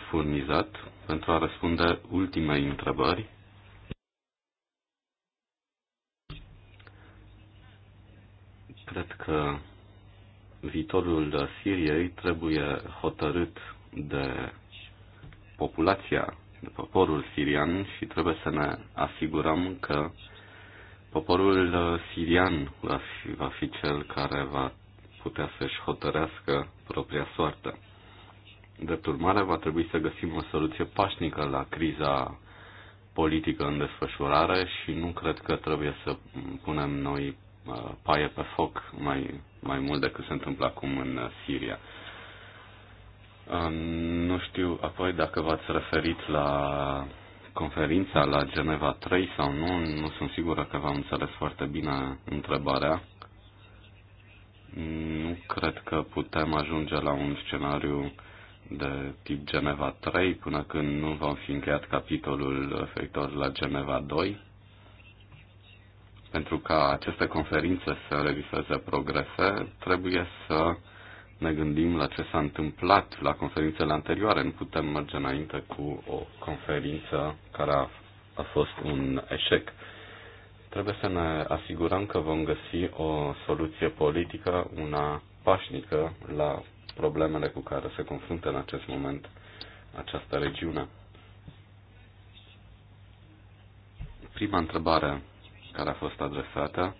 furnizat, pentru a răspunde ultimei întrebări. Cred că viitorul Siriei trebuie hotărât de populația, de poporul sirian și trebuie să ne asigurăm că poporul sirian va fi, va fi cel care va putea să-și hotărească propria soartă. De urmare, va trebui să găsim o soluție pașnică la criza politică în desfășurare și nu cred că trebuie să punem noi paie pe foc mai, mai mult decât se întâmplă acum în uh, Siria. Um, nu știu apoi dacă v-ați referit la conferința la Geneva 3 sau nu, nu sunt sigură că v-am înțeles foarte bine întrebarea. Nu cred că putem ajunge la un scenariu de tip Geneva 3 până când nu vom fi încheiat capitolul referitor la Geneva 2. Pentru ca aceste conferințe să reviseze progrese, trebuie să ne gândim la ce s-a întâmplat la conferințele anterioare. Nu putem merge înainte cu o conferință care a, a fost un eșec. Trebuie să ne asigurăm că vom găsi o soluție politică, una pașnică la problemele cu care se confruntă în acest moment această regiune. Prima întrebare care a fost adresată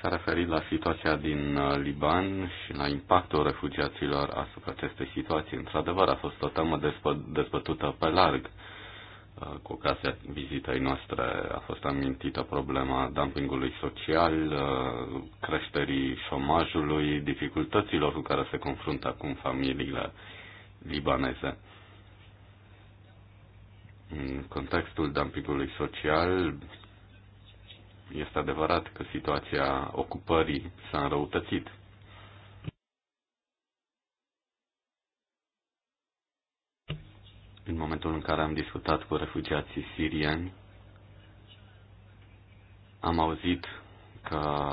s-a referit la situația din uh, Liban și la impactul refugiaților asupra acestei situații. Într-adevăr, a fost o temă dezbă- dezbătută pe larg. Uh, cu ocazia vizitei noastre a fost amintită problema dumpingului social, uh, creșterii șomajului, dificultăților cu care se confruntă acum familiile libaneze. În contextul dumpingului social, este adevărat că situația ocupării s-a înrăutățit. În momentul în care am discutat cu refugiații sirieni, am auzit că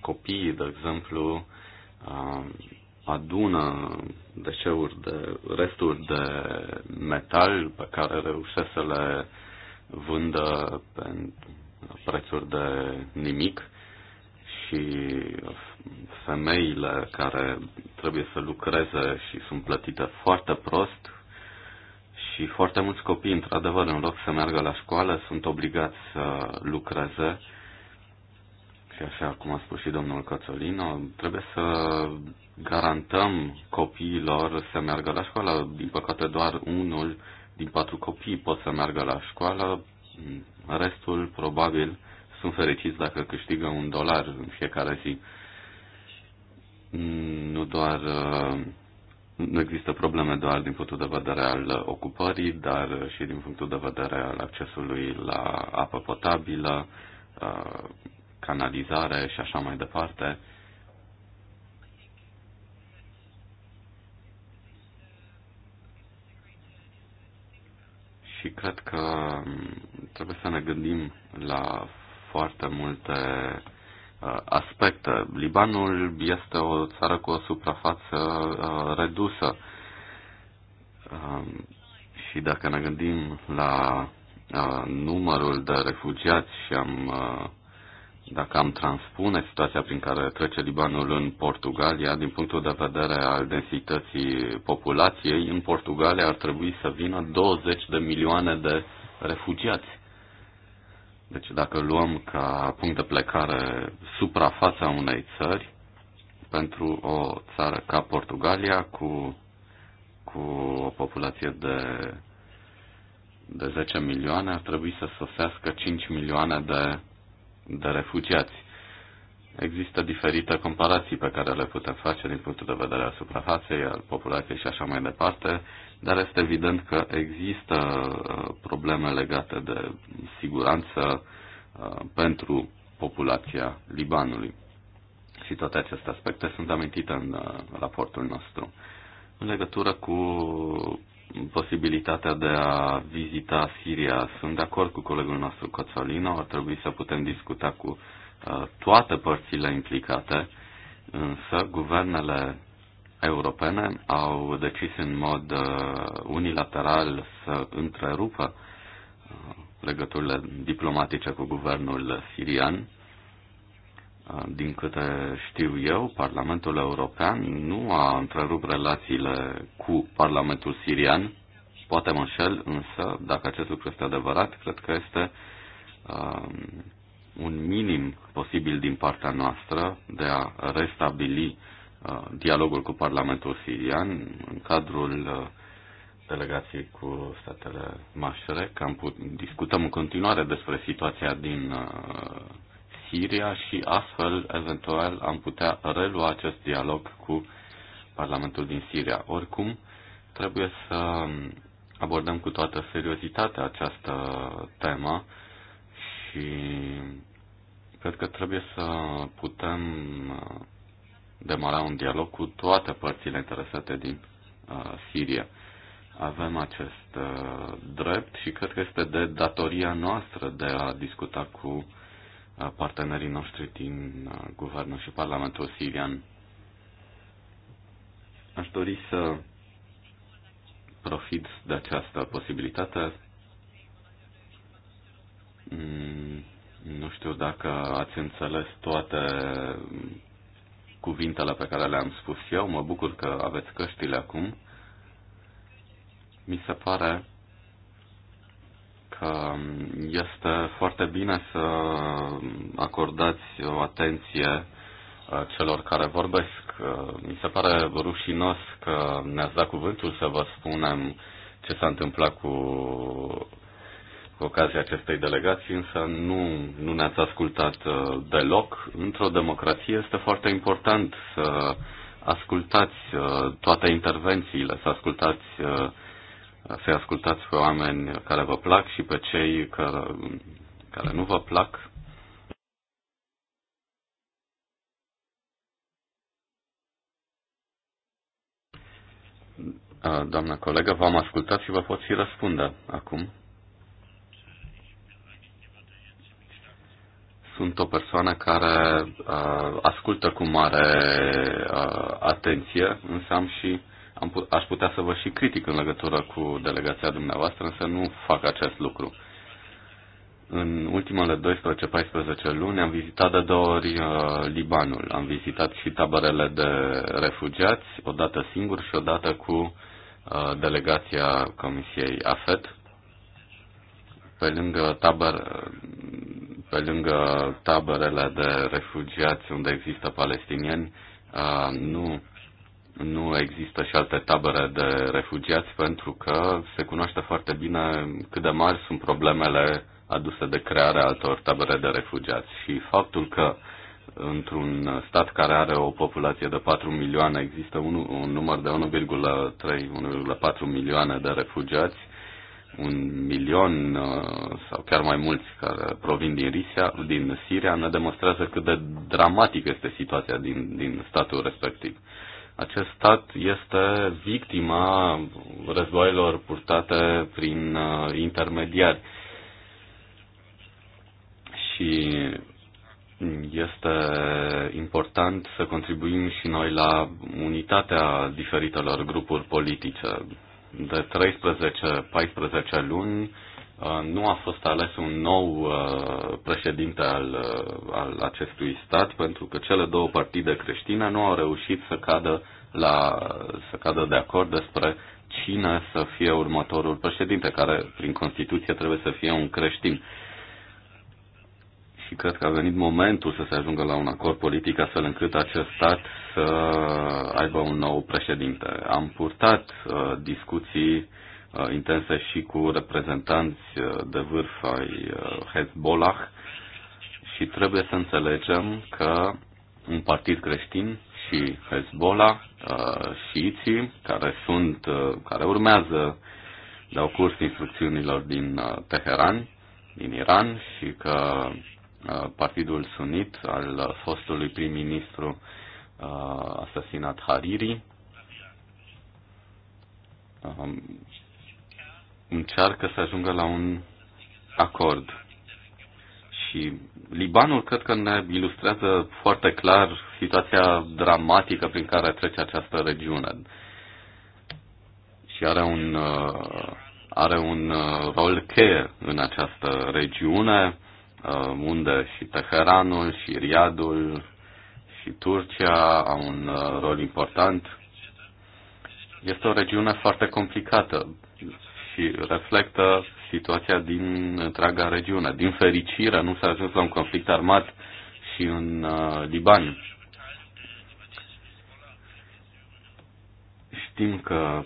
copiii, de exemplu, um, adună deșeuri de resturi de metal pe care reușesc să le vândă pentru prețuri de nimic și femeile care trebuie să lucreze și sunt plătite foarte prost și foarte mulți copii, într-adevăr, în loc să meargă la școală, sunt obligați să lucreze și așa cum a spus și domnul Cățolino, trebuie să garantăm copiilor să meargă la școală. Din păcate, doar unul din patru copii pot să meargă la școală, Restul, probabil, sunt fericiți dacă câștigă un dolar în fiecare zi. Nu doar uh, nu există probleme doar din punctul de vedere al ocupării, dar și din punctul de vedere al accesului la apă potabilă, uh, canalizare și așa mai departe. Și cred că um, trebuie să ne gândim la foarte multe uh, aspecte. Libanul este o țară cu o suprafață uh, redusă um, și dacă ne gândim la uh, numărul de refugiați și am, dacă am transpune situația prin care trece Libanul în Portugalia, din punctul de vedere al densității populației, în Portugalia ar trebui să vină 20 de milioane de refugiați. Deci dacă luăm ca punct de plecare suprafața unei țări, pentru o țară ca Portugalia, cu, cu o populație de, de 10 milioane, ar trebui să sosească 5 milioane de, de refugiați. Există diferite comparații pe care le putem face din punctul de vedere al suprafaței, al populației și așa mai departe dar este evident că există uh, probleme legate de siguranță uh, pentru populația Libanului. Și toate aceste aspecte sunt amintite în uh, raportul nostru. În legătură cu posibilitatea de a vizita Siria, sunt de acord cu colegul nostru Coțolino, ar trebui să putem discuta cu toate părțile implicate, însă guvernele europene au decis în mod uh, unilateral să întrerupă uh, legăturile diplomatice cu guvernul sirian. Uh, din câte știu eu, Parlamentul European nu a întrerupt relațiile cu Parlamentul sirian. Poate mă înșel, însă, dacă acest lucru este adevărat, cred că este un minim posibil din partea noastră de a restabili dialogul cu Parlamentul sirian în cadrul delegației cu statele mașere, că am put, discutăm în continuare despre situația din Siria și astfel, eventual, am putea relua acest dialog cu Parlamentul din Siria. Oricum, trebuie să abordăm cu toată seriozitatea această temă și cred că trebuie să putem demara un dialog cu toate părțile interesate din uh, Siria. Avem acest uh, drept și cred că este de datoria noastră de a discuta cu uh, partenerii noștri din uh, Guvernul și Parlamentul Sirian. Aș dori să profit de această posibilitate. Mm, nu știu dacă ați înțeles toate cuvintele pe care le-am spus eu. Mă bucur că aveți căștile acum. Mi se pare că este foarte bine să acordați o atenție uh, celor care vorbesc. Uh, mi se pare rușinos că ne-ați dat cuvântul să vă spunem ce s-a întâmplat cu cu ocazia acestei delegații, însă nu, nu ne-ați ascultat uh, deloc. Într-o democrație este foarte important să ascultați uh, toate intervențiile, să ascultați uh, să ascultați pe oameni care vă plac și pe cei care, care nu vă plac. Doamna colegă, v-am ascultat și vă pot și răspunde acum. sunt o persoană care uh, ascultă cu mare uh, atenție, însă am și am put, aș putea să vă și critic în legătură cu delegația dumneavoastră, însă nu fac acest lucru. În ultimele 12-14 luni am vizitat de două ori uh, Libanul. Am vizitat și taberele de refugiați, odată singur și odată cu uh, delegația Comisiei AFET. Pe lângă taber, pe lângă taberele de refugiați unde există palestinieni, nu, nu există și alte tabere de refugiați pentru că se cunoaște foarte bine cât de mari sunt problemele aduse de crearea altor tabere de refugiați și faptul că într-un stat care are o populație de 4 milioane există un, un număr de 1,3-1,4 milioane de refugiați un milion uh, sau chiar mai mulți care provin din, Risia, din Siria ne demonstrează cât de dramatică este situația din, din statul respectiv. Acest stat este victima războaielor purtate prin uh, intermediari și este important să contribuim și noi la unitatea diferitelor grupuri politice de 13-14 luni uh, nu a fost ales un nou uh, președinte al, uh, al acestui stat pentru că cele două partide creștine nu au reușit să cadă, la, să cadă de acord despre cine să fie următorul președinte, care prin Constituție trebuie să fie un creștin și cred că a venit momentul să se ajungă la un acord politic astfel încât acest stat să aibă un nou președinte. Am purtat uh, discuții uh, intense și cu reprezentanți uh, de vârf ai uh, Hezbollah și trebuie să înțelegem că un partid creștin și Hezbollah, uh, șiiții, care, sunt, uh, care urmează, de-au curs instrucțiunilor din uh, Teheran, din Iran și că Uh, partidul sunit al fostului prim-ministru uh, asasinat Hariri. Um, încearcă să ajungă la un acord. Și Libanul cred că ne ilustrează foarte clar situația dramatică prin care trece această regiune. Și are un, uh, are un rol cheie în această regiune Uh, unde și Teheranul, și Riadul, și Turcia au un uh, rol important. Este o regiune foarte complicată și reflectă situația din întreaga regiune. Din fericire, nu s-a ajuns la un conflict armat și în uh, Liban. Știm că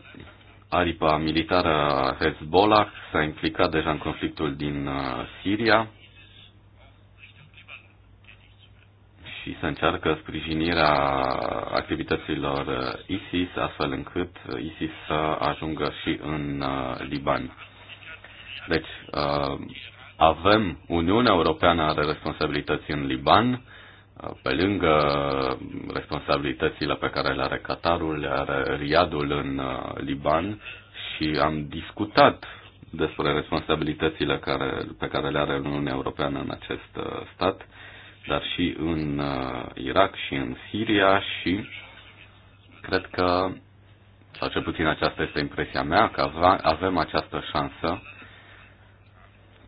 aripa militară Hezbollah s-a implicat deja în conflictul din Siria și să încearcă sprijinirea activităților ISIS, astfel încât ISIS să ajungă și în uh, Liban. Deci, uh, avem, Uniunea Europeană are responsabilități în Liban, uh, pe lângă responsabilitățile pe care le are Qatarul, le are Riadul în Liban și am discutat despre responsabilitățile care, pe care le are Uniunea Europeană în acest stat dar și în uh, Irak și în Siria și cred că, sau cel puțin aceasta este impresia mea, că avem această șansă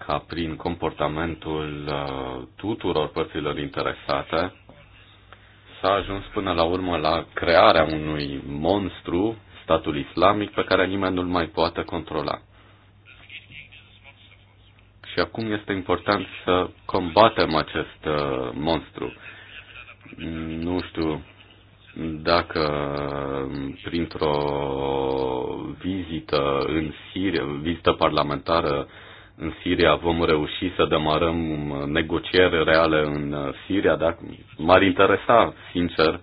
ca prin comportamentul uh, tuturor părților interesate s-a ajuns până la urmă la crearea unui monstru, statul islamic, pe care nimeni nu-l mai poate controla. Și acum este important să combatem acest uh, monstru. Nu știu dacă printr-o vizită în Siria, vizită parlamentară în Siria, vom reuși să demarăm negocieri reale în uh, Siria, dacă m-ar interesa, sincer,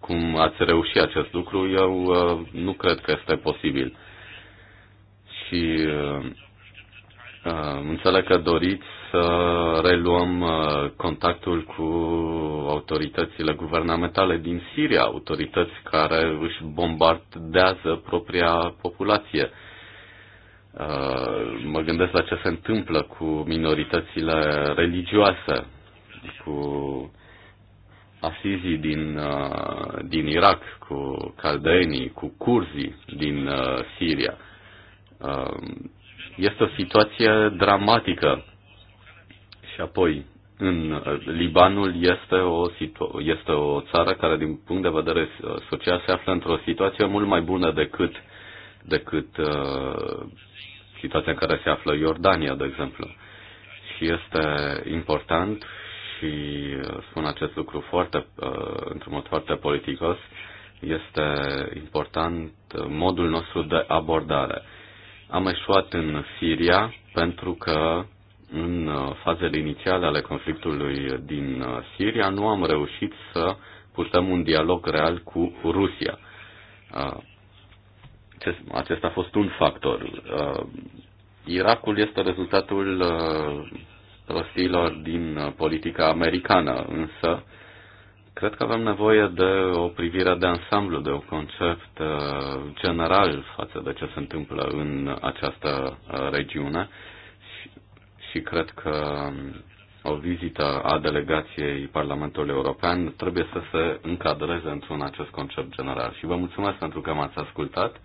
cum ați reușit acest lucru, eu uh, nu cred că este posibil. Și uh, Uh, înțeleg că doriți să reluăm uh, contactul cu autoritățile guvernamentale din Siria, autorități care își bombardează propria populație. Uh, mă gândesc la ce se întâmplă cu minoritățile religioase, cu asizii din, din Irak, cu caldeenii, cu curzii din Siria este o situație dramatică. Și apoi, în uh, Libanul este o, situ- este o țară care, din punct de vedere uh, social, se află într-o situație mult mai bună decât, decât uh, situația în care se află Iordania, de exemplu. Și este important și uh, spun acest lucru foarte, uh, într-un mod foarte politicos, este important modul nostru de abordare. Uh, am eșuat în Siria pentru că în uh, fazele inițiale ale conflictului din uh, Siria nu am reușit să purtăm un dialog real cu Rusia. Uh, acesta a fost un factor. Irakul este rezultatul prostiilor din politica americană, însă Cred că avem nevoie de o privire de ansamblu, de un concept uh, general față de ce se întâmplă în această uh, regiune și, și cred că um, o vizită a delegației Parlamentului European trebuie să se încadreze într-un acest concept general. Și vă mulțumesc pentru că m-ați ascultat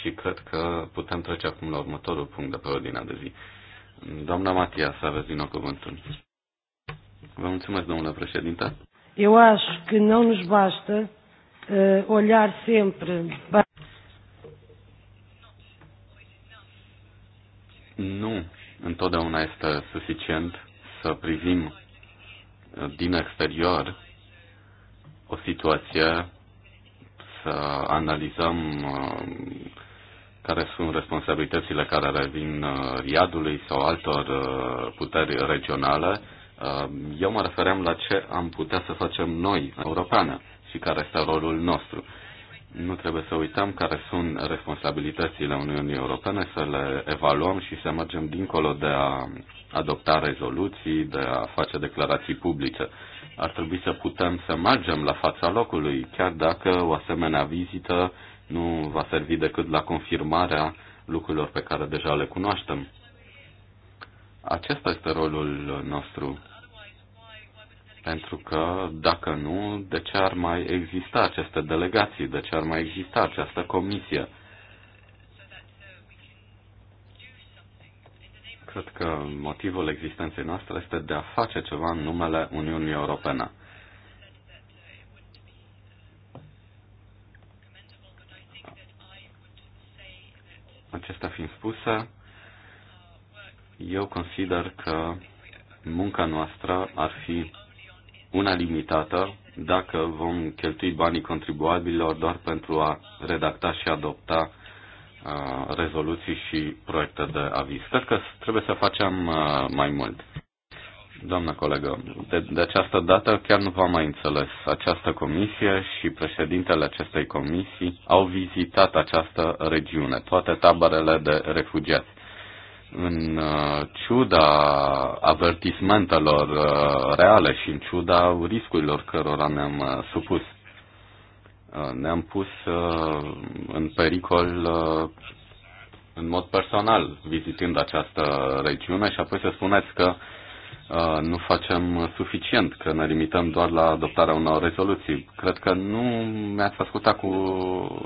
și cred că putem trece acum la următorul punct de pe ordinea de zi. Doamna Matia, să aveți din nou cuvântul. Vă mulțumesc, domnule președinte. Eu acho que não nos basta uh, olhar sempre para. Nu, întotdeauna este suficient să privim eh, din exterior o situație, să analizăm eh, care sunt responsabilitățile care revin Riadului sau altor puteri regionale Ehm, eu mă refeream la ce am putea să facem noi, europeană, și care este rolul nostru. Nu trebuie să uităm care sunt responsabilitățile Uniunii Europene, să le evaluăm și să mergem dincolo de a adopta rezoluții, de a face declarații publice. Ar trebui să putem să mergem la fața locului, chiar dacă o asemenea vizită nu va servi decât la confirmarea lucrurilor pe care deja le cunoaștem. Acesta este rolul nostru. Pentru că, dacă nu, de ce ar mai exista aceste delegații? De ce ar mai exista această comisie? Cred că motivul existenței noastre este de a face ceva în numele Uniunii Europene. Acestea fiind spuse, eu consider că munca noastră ar fi una limitată dacă vom cheltui banii contribuabililor doar pentru a redacta și adopta uh, rezoluții și proiecte de aviz. Cred că trebuie să facem uh, mai mult. Doamna colegă, de, de această dată chiar nu v-am mai înțeles. Această comisie și președintele acestei comisii au vizitat această regiune, toate taberele de refugiați în uh, ciuda avertismentelor uh, reale și în ciuda riscurilor cărora ne-am uh, supus. Ne-am pus în pericol în mod personal vizitând această regiune și apoi să spuneți că nu facem suficient, că ne limităm doar la adoptarea unor rezoluții. Cred că nu mi-ați ascultat cu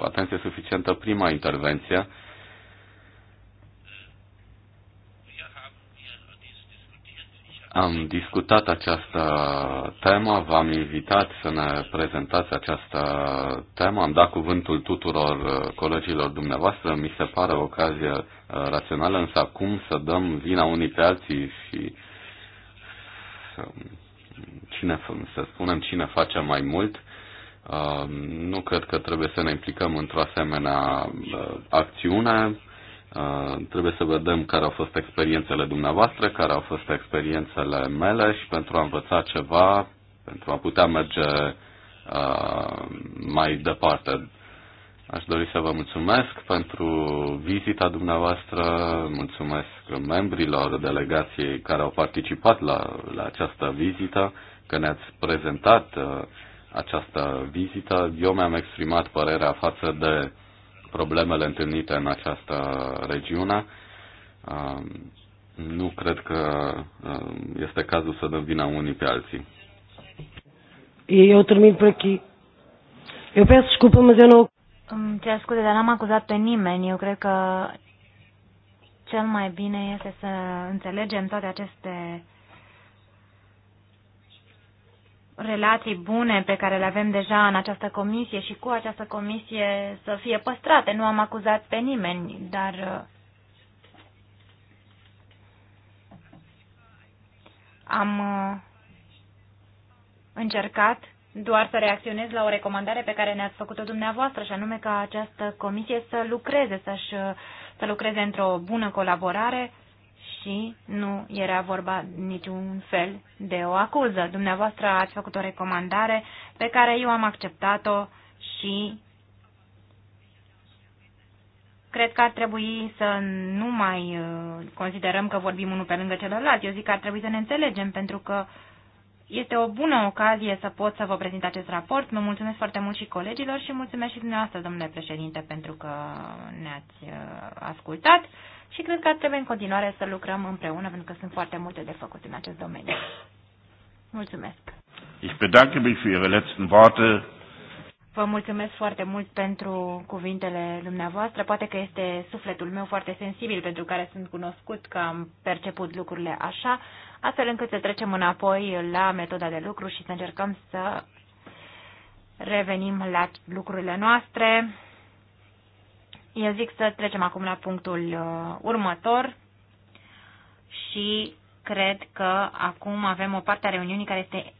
atenție suficientă prima intervenție Am discutat această temă, v-am invitat să ne prezentați această temă, am dat cuvântul tuturor uh, colegilor dumneavoastră, mi se pare o ocazie uh, rațională, însă acum să dăm vina unii pe alții și cine, să spunem cine face mai mult, uh, nu cred că trebuie să ne implicăm într-o asemenea acțiune. Uh, trebuie să vedem care au fost experiențele dumneavoastră, care au fost experiențele mele și pentru a învăța ceva, pentru a putea merge uh, mai departe. Aș dori să vă mulțumesc pentru vizita dumneavoastră, mulțumesc membrilor delegației care au participat la, la această vizită, că ne-ați prezentat uh, această vizită. Eu mi-am exprimat părerea față de uh, problemele întâlnite în această regiune. Nu cred că este cazul să dăm vina unii pe alții. Eu termin pe aici. Eu pe desculpa, mas eu Îmi cer scuze, dar n-am acuzat pe nimeni. Eu cred că cel mai bine este să înțelegem toate aceste relații bune pe care le avem deja în această comisie și cu această comisie să fie păstrate. Nu am acuzat pe nimeni, dar uh, am uh, încercat doar să reacționez la o recomandare pe care ne-ați făcut-o dumneavoastră, și anume ca această comisie să lucreze, să, să lucreze într-o bună colaborare și nu era vorba niciun fel de o acuză. Dumneavoastră ați făcut o recomandare pe care eu am acceptat-o și cred că ar trebui să nu mai uh, considerăm că vorbim unul pe lângă celălalt. Eu zic că ar trebui să ne înțelegem pentru că uh, este o bună ocazie să pot să vă prezint acest raport. Mă mulțumesc foarte mult și colegilor și mulțumesc și dumneavoastră, domnule președinte, pentru că ne-ați uh, ascultat și cred că trebuie în continuare să lucrăm împreună, pentru că sunt foarte multe de făcut în acest domeniu. Mulțumesc! Ich bedanke mich für Ihre letzten Worte. Vă mulțumesc foarte mult pentru cuvintele dumneavoastră. Poate că este sufletul meu foarte sensibil pentru care sunt cunoscut că am perceput lucrurile așa, astfel încât să trecem înapoi la metoda de lucru și să încercăm să revenim la lucrurile noastre. Eu zic să trecem acum la punctul uh, următor și cred că acum avem o parte a reuniunii care este